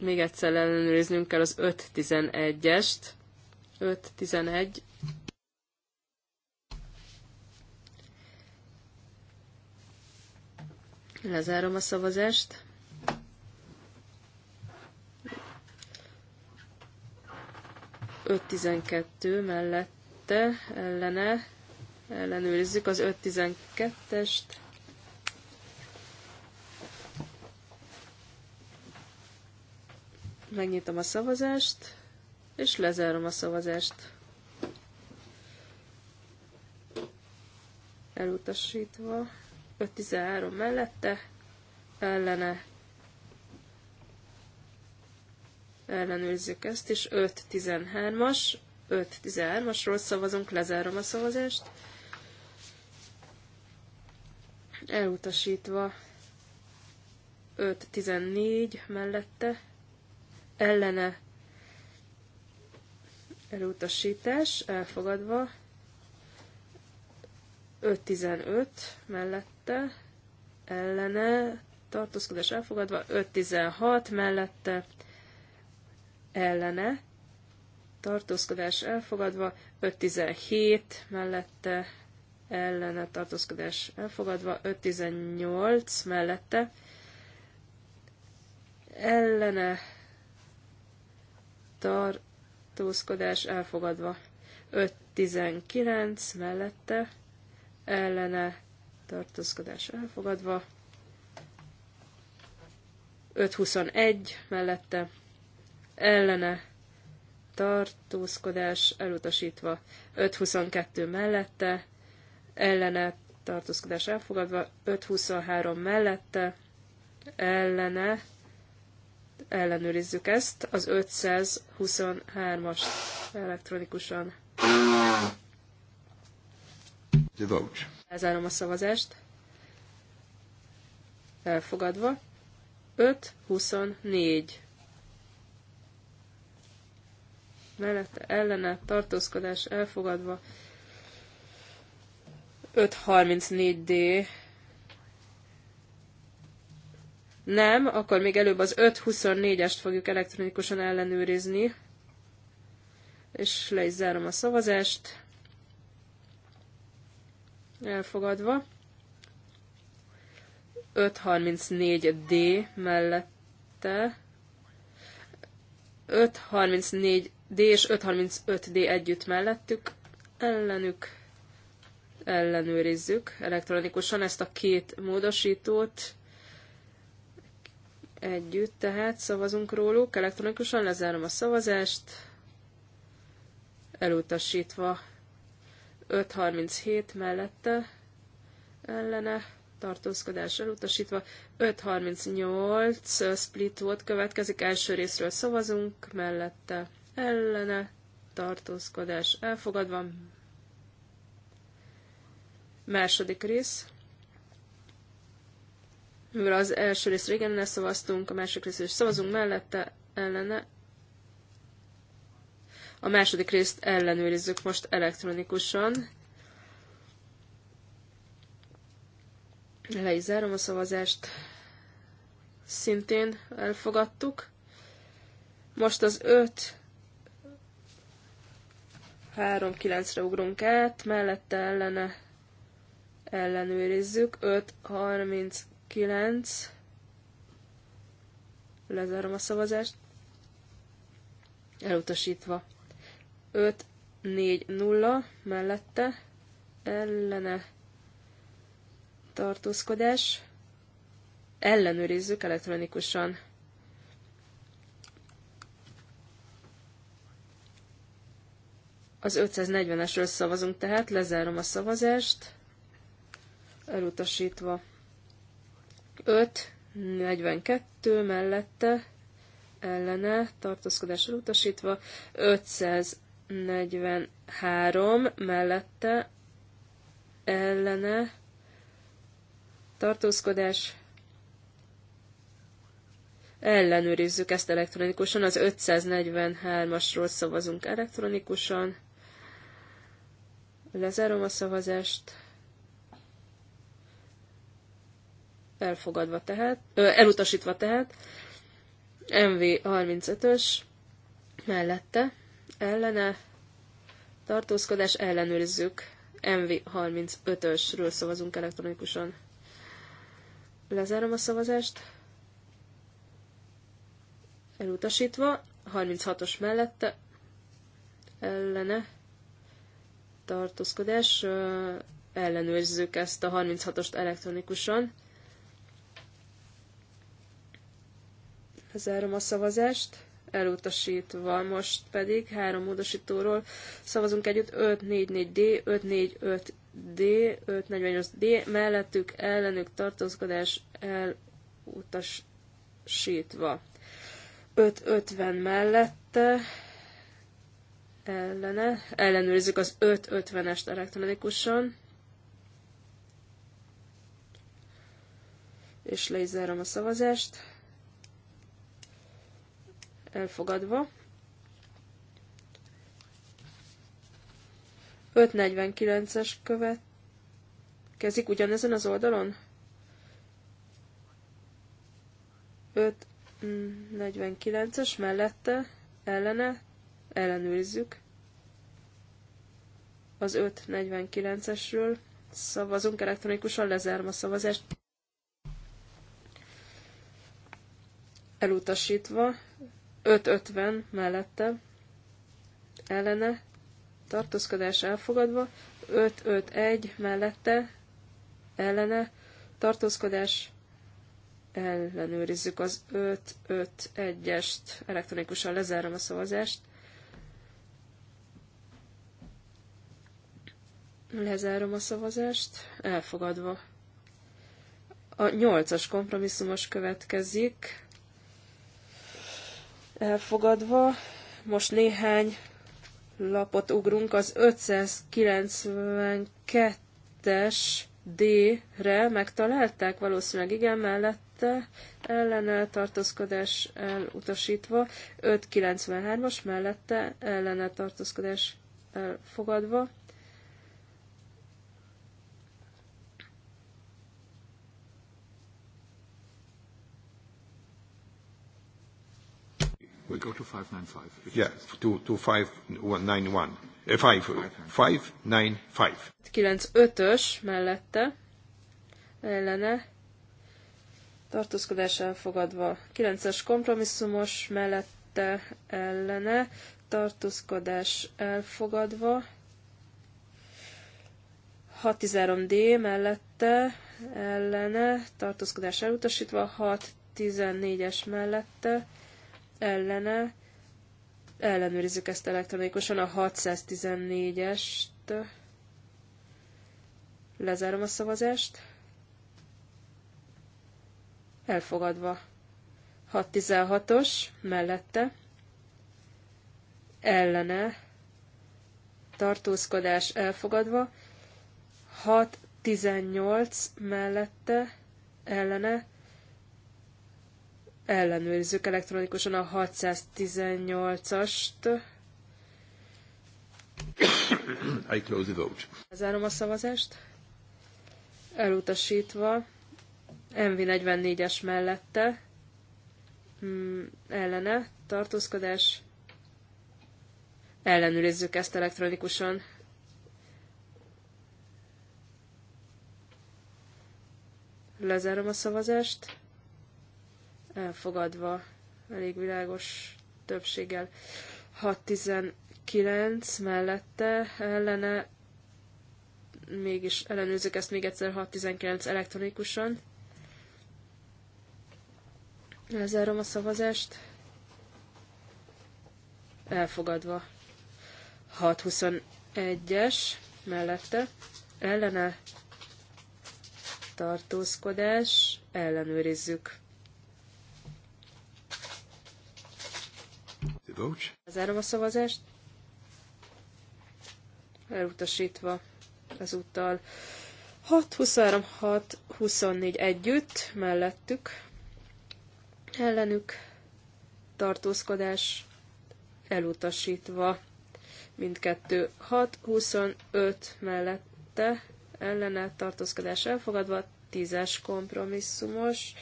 Még egyszer ellenőriznünk kell az 5-11-est. 5-11. Lezárom a szavazást. Öt tizenkettő mellette ellene ellenőrizzük az 5.12-est. Megnyitom a szavazást, és lezárom a szavazást. Elutasítva. 5.13 mellette, ellene. Ellenőrizzük ezt, és 5.13-as, 5.13-asról szavazunk, lezárom a szavazást elutasítva 5-14 mellette ellene elutasítás elfogadva 5-15 mellette ellene tartózkodás elfogadva 5-16 mellette ellene tartózkodás elfogadva 5-17 mellette ellene tartózkodás elfogadva, 518 mellette ellene tartózkodás elfogadva, 519 mellette ellene tartózkodás elfogadva, 521 mellette ellene tartózkodás elutasítva, 522 mellette ellene tartózkodás elfogadva, 5-23 mellette ellene ellenőrizzük ezt, az 523-as elektronikusan. Elzárom a szavazást. Elfogadva. 5-24. Mellette ellene tartózkodás elfogadva. 534D. Nem, akkor még előbb az 524-est fogjuk elektronikusan ellenőrizni. És le is zárom a szavazást. Elfogadva. 534D mellette. 534D és 535D együtt mellettük, ellenük ellenőrizzük elektronikusan ezt a két módosítót együtt, tehát szavazunk róluk elektronikusan, lezárom a szavazást, elutasítva 537 mellette ellene, tartózkodás elutasítva, 538 split volt következik, első részről szavazunk, mellette ellene, tartózkodás elfogadva, Második rész. Mivel az első rész régen leszavaztunk, a második rész is szavazunk mellette, ellene. A második részt ellenőrizzük most elektronikusan. Le is zárom a szavazást. Szintén elfogadtuk. Most az 5 3-9-re ugrunk át, mellette ellene ellenőrizzük. 5.39. Lezárom a szavazást. Elutasítva. 5.40 mellette ellene tartózkodás. Ellenőrizzük elektronikusan. Az 540-esről szavazunk, tehát lezárom a szavazást elutasítva. 5, 42 mellette ellene tartózkodás elutasítva, 543 mellette ellene tartózkodás ellenőrizzük ezt elektronikusan, az 543-asról szavazunk elektronikusan, lezárom a szavazást, elfogadva tehát, ö, elutasítva tehát, MV35-ös mellette, ellene, tartózkodás, ellenőrizzük, MV35-ösről szavazunk elektronikusan. Lezárom a szavazást. Elutasítva, 36-os mellette, ellene, tartózkodás, ellenőrizzük ezt a 36-ost elektronikusan. Lezárom a szavazást. Elutasítva. Most pedig három módosítóról szavazunk együtt 544D, 545D, 548D, mellettük ellenük tartózkodás elutasítva. 550 mellette ellene. Ellenőrizzük az 550-est elektronikusan. És leizárom a szavazást elfogadva. 549-es követ Kezik ugyanezen az oldalon? 549-es mellette, ellene, ellenőrizzük. Az 549-esről szavazunk elektronikusan, lezárom a szavazást. Elutasítva, 5.50 mellette ellene tartózkodás elfogadva, 5.5.1 mellette ellene tartózkodás ellenőrizzük az 5.5.1-est, elektronikusan lezárom a szavazást. Lezárom a szavazást, elfogadva. A 8-as kompromisszumos következik, elfogadva. Most néhány lapot ugrunk az 592-es D-re megtalálták, valószínűleg igen, mellette ellene tartózkodás elutasítva, 593-as mellette ellene tartózkodás elfogadva, we go to 595. Yeah, to, to 591. 595. 95-ös mellette ellene tartózkodás elfogadva. 9-es kompromisszumos mellette ellene tartózkodás elfogadva. 613D mellette ellene tartózkodás elutasítva. 614-es mellette ellene. Ellenőrizzük ezt elektronikusan, a 614-est. Lezárom a szavazást. Elfogadva. 616-os mellette. Ellene. Tartózkodás elfogadva. 618 mellette. Ellene ellenőrizzük elektronikusan a 618-ast. I close the vote. Zárom a szavazást. Elutasítva. MV44-es mellette. Mm, ellene. Tartózkodás. Ellenőrizzük ezt elektronikusan. Lezárom a szavazást elfogadva elég világos többséggel. 619 mellette ellene mégis ellenőrzök ezt még egyszer 619 elektronikusan. Lezárom a szavazást. Elfogadva. 621 es mellette ellene tartózkodás ellenőrizzük. vote. Lezárom a szavazást. Elutasítva ezúttal 6, 23, 6, 24 együtt mellettük. Ellenük tartózkodás elutasítva mindkettő 6, 25 mellette ellene tartózkodás elfogadva, tízes kompromisszumos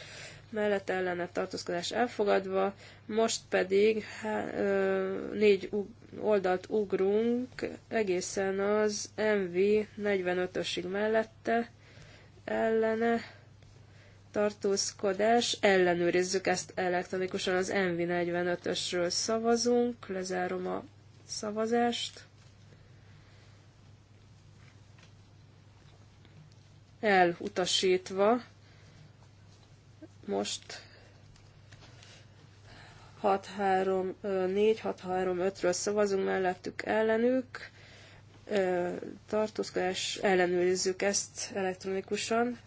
mellette ellene tartózkodás elfogadva, most pedig há, ö, négy oldalt ugrunk egészen az MV 45-ösig mellette ellene tartózkodás, ellenőrizzük ezt elektronikusan, az MV 45-ösről szavazunk, lezárom a szavazást. Elutasítva most 4 6 3 5 ről szavazunk mellettük ellenük. Tartózkodás ellenőrizzük ezt elektronikusan,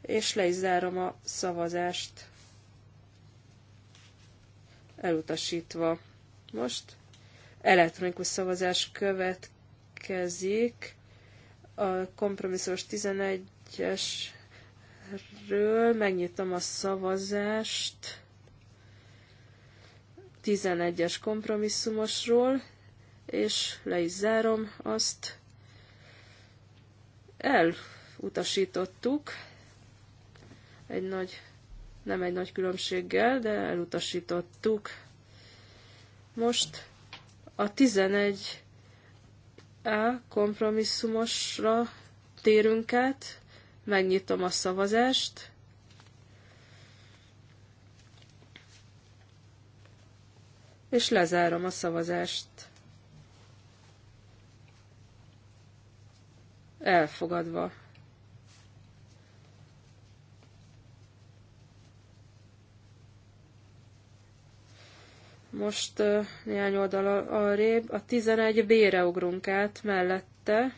és le is zárom a szavazást elutasítva. Most elektronikus szavazás következik. A kompromisszós 11-es ről. Megnyitom a szavazást 11-es kompromisszumosról, és le is zárom azt. Elutasítottuk egy nagy, nem egy nagy különbséggel, de elutasítottuk. Most a 11 a kompromisszumosra térünk át, Megnyitom a szavazást. És lezárom a szavazást. Elfogadva. Most néhány oldal arrébb, a 11 B-re ugrunk át mellette,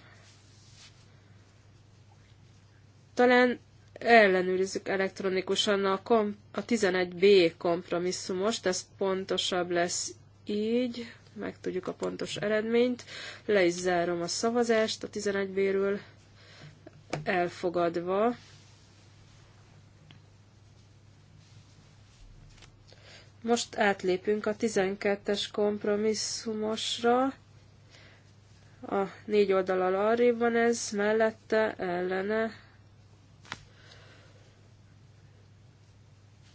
Talán ellenőrizzük elektronikusan a, kom- a 11B kompromisszumost, ez pontosabb lesz így, meg tudjuk a pontos eredményt. Le is zárom a szavazást a 11B-ről elfogadva. Most átlépünk a 12-es kompromisszumosra. A négy oldal arrébb van ez, mellette, ellene,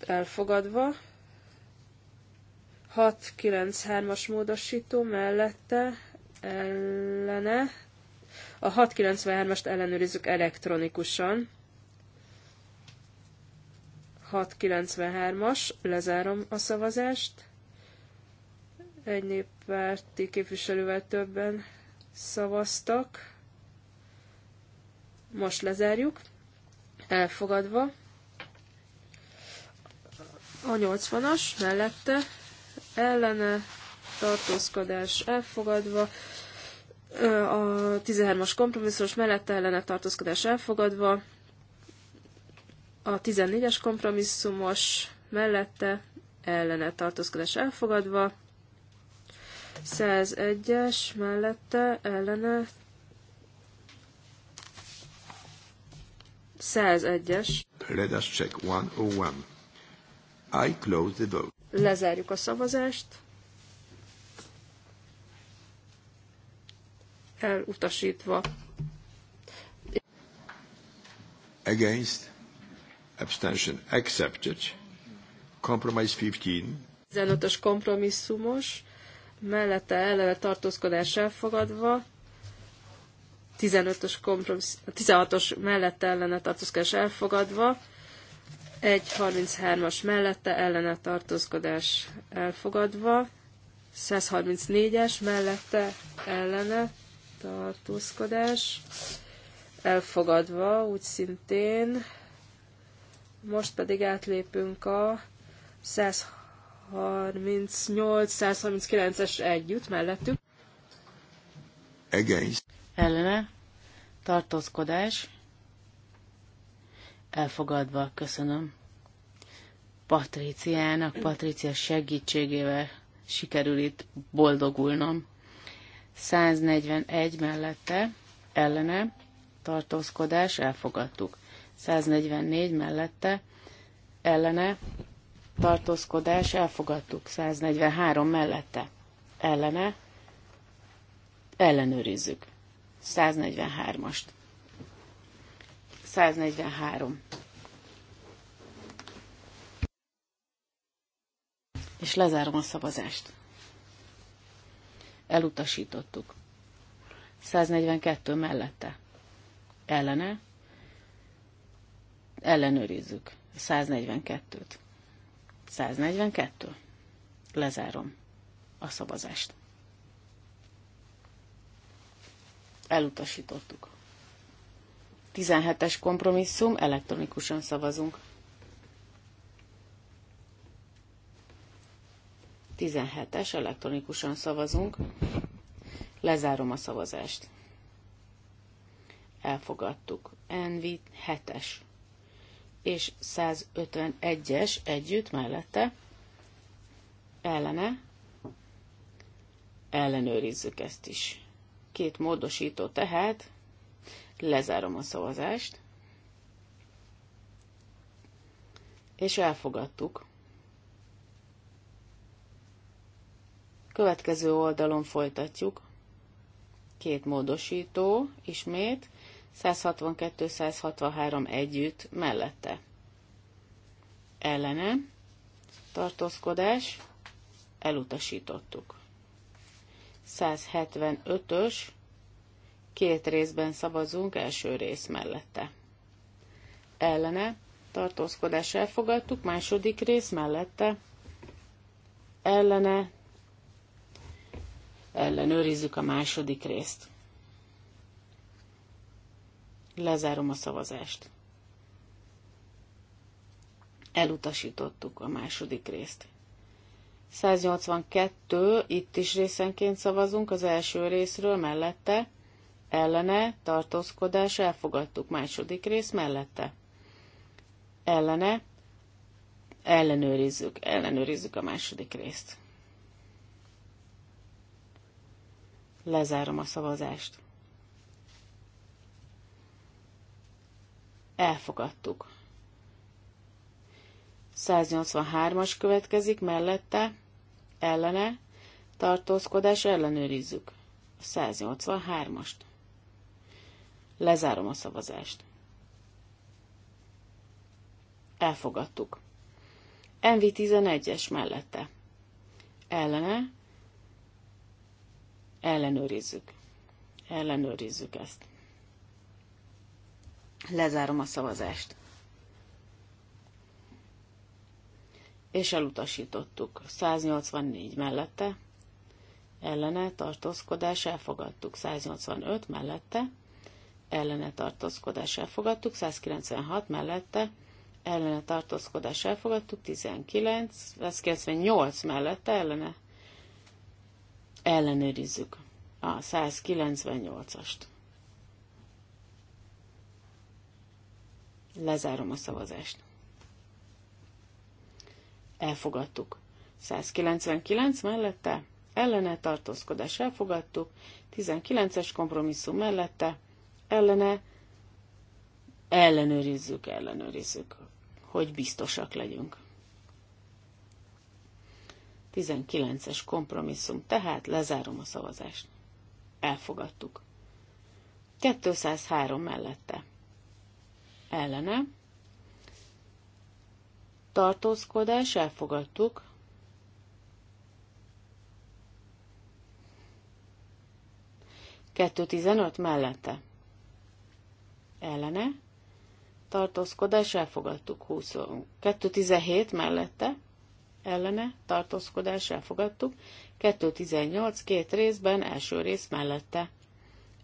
elfogadva. 693-as módosító mellette ellene. A 693-ast ellenőrizzük elektronikusan. 693-as, lezárom a szavazást. Egy néppárti képviselővel többen szavaztak. Most lezárjuk. Elfogadva. A 80-as mellette ellene tartózkodás elfogadva, a 13-as kompromisszumos mellette ellene tartózkodás elfogadva, a 14-es kompromisszumos mellette ellene tartózkodás elfogadva, 101-es mellette ellene 101-es. Let us check 101. I close the vote. Lezárjuk a szavazást. Elutasítva. Against. Abstention accepted. Compromise 15. 15-ös kompromisszumos. Mellette ellene tartózkodás elfogadva. 15-ös kompromissz, 16-os mellette ellene tartózkodás elfogadva. 1.33-as mellette ellene tartózkodás elfogadva, 134-es mellette ellene tartózkodás elfogadva, úgy szintén. Most pedig átlépünk a 138-139-es együtt mellettük. Egész. Ellene tartózkodás Elfogadva, köszönöm. Patriciának, Patricia segítségével sikerül itt boldogulnom. 141 mellette, ellene, tartózkodás, elfogadtuk. 144 mellette, ellene, tartózkodás, elfogadtuk. 143 mellette, ellene, ellenőrizzük. 143-ast. 143. És lezárom a szavazást. Elutasítottuk. 142 mellette. Ellene. Ellenőrizzük. 142-t. 142. Lezárom a szavazást. Elutasítottuk. 17-es kompromisszum, elektronikusan szavazunk. 17-es, elektronikusan szavazunk. Lezárom a szavazást. Elfogadtuk. Envi 7-es és 151-es együtt mellette ellene ellenőrizzük ezt is. Két módosító tehát Lezárom a szavazást. És elfogadtuk. Következő oldalon folytatjuk. Két módosító, ismét, 162-163 együtt, mellette. Ellene, tartózkodás, elutasítottuk. 175-ös Két részben szavazunk, első rész mellette. Ellene, tartózkodás elfogadtuk, második rész mellette. Ellene, ellenőrizzük a második részt. Lezárom a szavazást. Elutasítottuk a második részt. 182, itt is részenként szavazunk az első részről mellette, ellene, tartózkodás, elfogadtuk. Második rész mellette, ellene, ellenőrizzük, ellenőrizzük a második részt. Lezárom a szavazást. Elfogadtuk. 183-as következik mellette, ellene, tartózkodás ellenőrizzük. 183-ast. Lezárom a szavazást. Elfogadtuk. MV11-es mellette. Ellene. Ellenőrizzük. Ellenőrizzük ezt. Lezárom a szavazást. És elutasítottuk. 184 mellette. Ellene tartózkodás elfogadtuk. 185 mellette ellene tartózkodás elfogadtuk, 196 mellette ellene tartózkodás elfogadtuk, 19, 198 mellette ellene ellenőrizzük a 198-ast. Lezárom a szavazást. Elfogadtuk. 199 mellette ellene tartózkodás elfogadtuk, 19-es kompromisszum mellette ellene, ellenőrizzük, ellenőrizzük, hogy biztosak legyünk. 19-es kompromisszum, tehát lezárom a szavazást. Elfogadtuk. 203 mellette. Ellene. Tartózkodás, elfogadtuk. Kettő tizenöt mellette ellene, tartózkodás elfogadtuk 2.17 mellette, ellene, tartózkodás elfogadtuk, 2.18 két részben, első rész mellette,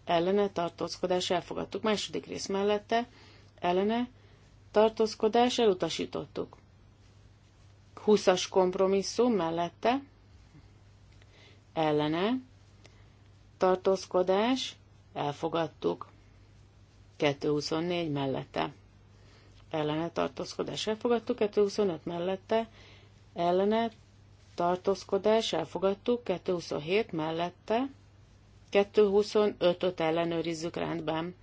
ellene, tartózkodás elfogadtuk, második rész mellette, ellene, tartózkodás elutasítottuk. 20-as kompromisszum mellette, ellene, tartózkodás elfogadtuk. 224 mellette ellene tartózkodás elfogadtuk, 225 mellette ellene tartózkodás elfogadtuk, 227 mellette, 225-öt ellenőrizzük rendben.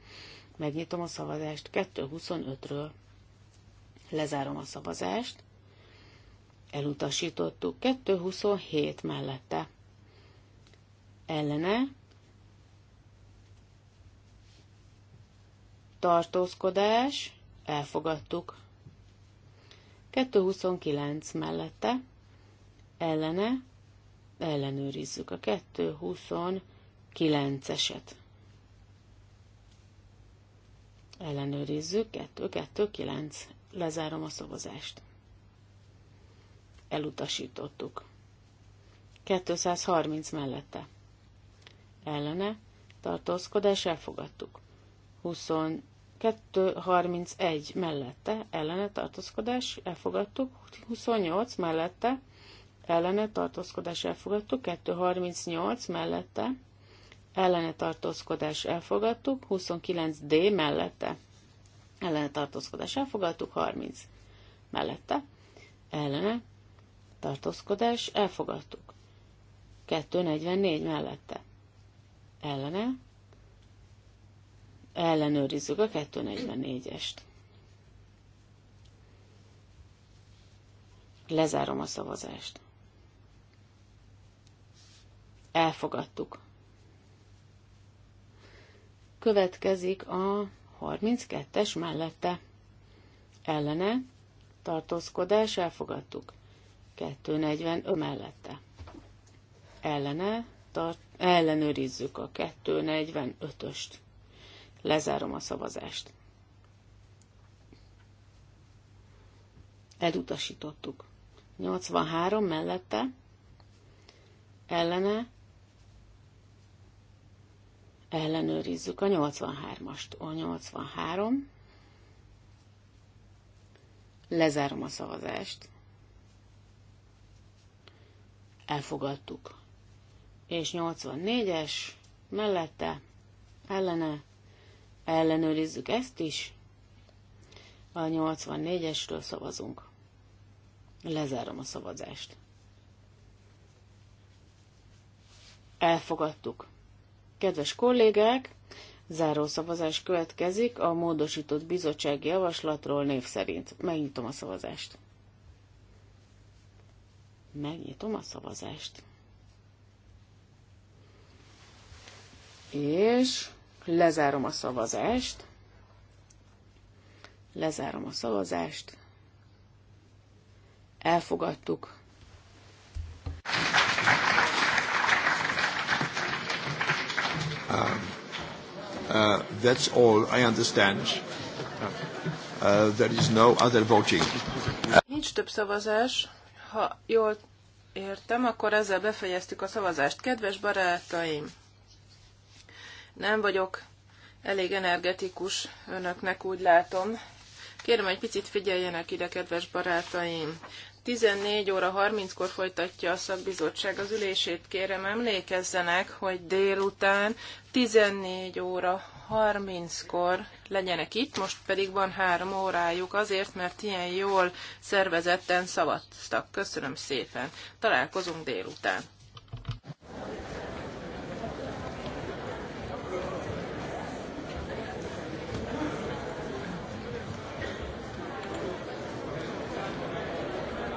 Megnyitom a szavazást 225-ről. Lezárom a szavazást. Elutasítottuk 227 mellette. Ellene tartózkodás, elfogadtuk. 229 mellette, ellene, ellenőrizzük a 229-eset. Ellenőrizzük, 229, lezárom a szavazást. Elutasítottuk. 230 mellette. Ellene, tartózkodás, elfogadtuk. 20 231 mellette ellene tartózkodás elfogadtuk, 28 mellette ellene tartózkodás elfogadtuk, 238 mellette ellene tartózkodás elfogadtuk, 29D mellette ellene tartózkodás elfogadtuk, 30 mellette ellene tartózkodás elfogadtuk, 244 mellette ellene ellenőrizzük a 244-est. Lezárom a szavazást. Elfogadtuk. Következik a 32-es mellette. Ellene, tartózkodás, elfogadtuk. 245 mellette. Ellene, tart, ellenőrizzük a 245-öst. Lezárom a szavazást. Elutasítottuk. 83 mellette, ellene, ellenőrizzük a 83-ast. A 83, lezárom a szavazást. Elfogadtuk. És 84-es mellette, ellene, Ellenőrizzük ezt is. A 84-esről szavazunk. Lezárom a szavazást. Elfogadtuk. Kedves kollégák, záró szavazás következik a módosított bizottsági javaslatról név szerint. Megnyitom a szavazást. Megnyitom a szavazást. És lezárom a szavazást. Lezárom a szavazást. Elfogadtuk. Uh, uh, that's all I understand. Uh, there is no other voting. Nincs több szavazás. Ha jól értem, akkor ezzel befejeztük a szavazást. Kedves barátaim! Nem vagyok elég energetikus önöknek, úgy látom. Kérem, egy picit figyeljenek ide, kedves barátaim. 14 óra 30-kor folytatja a szakbizottság az ülését. Kérem, emlékezzenek, hogy délután 14 óra 30-kor legyenek itt, most pedig van három órájuk azért, mert ilyen jól szervezetten szavaztak. Köszönöm szépen. Találkozunk délután.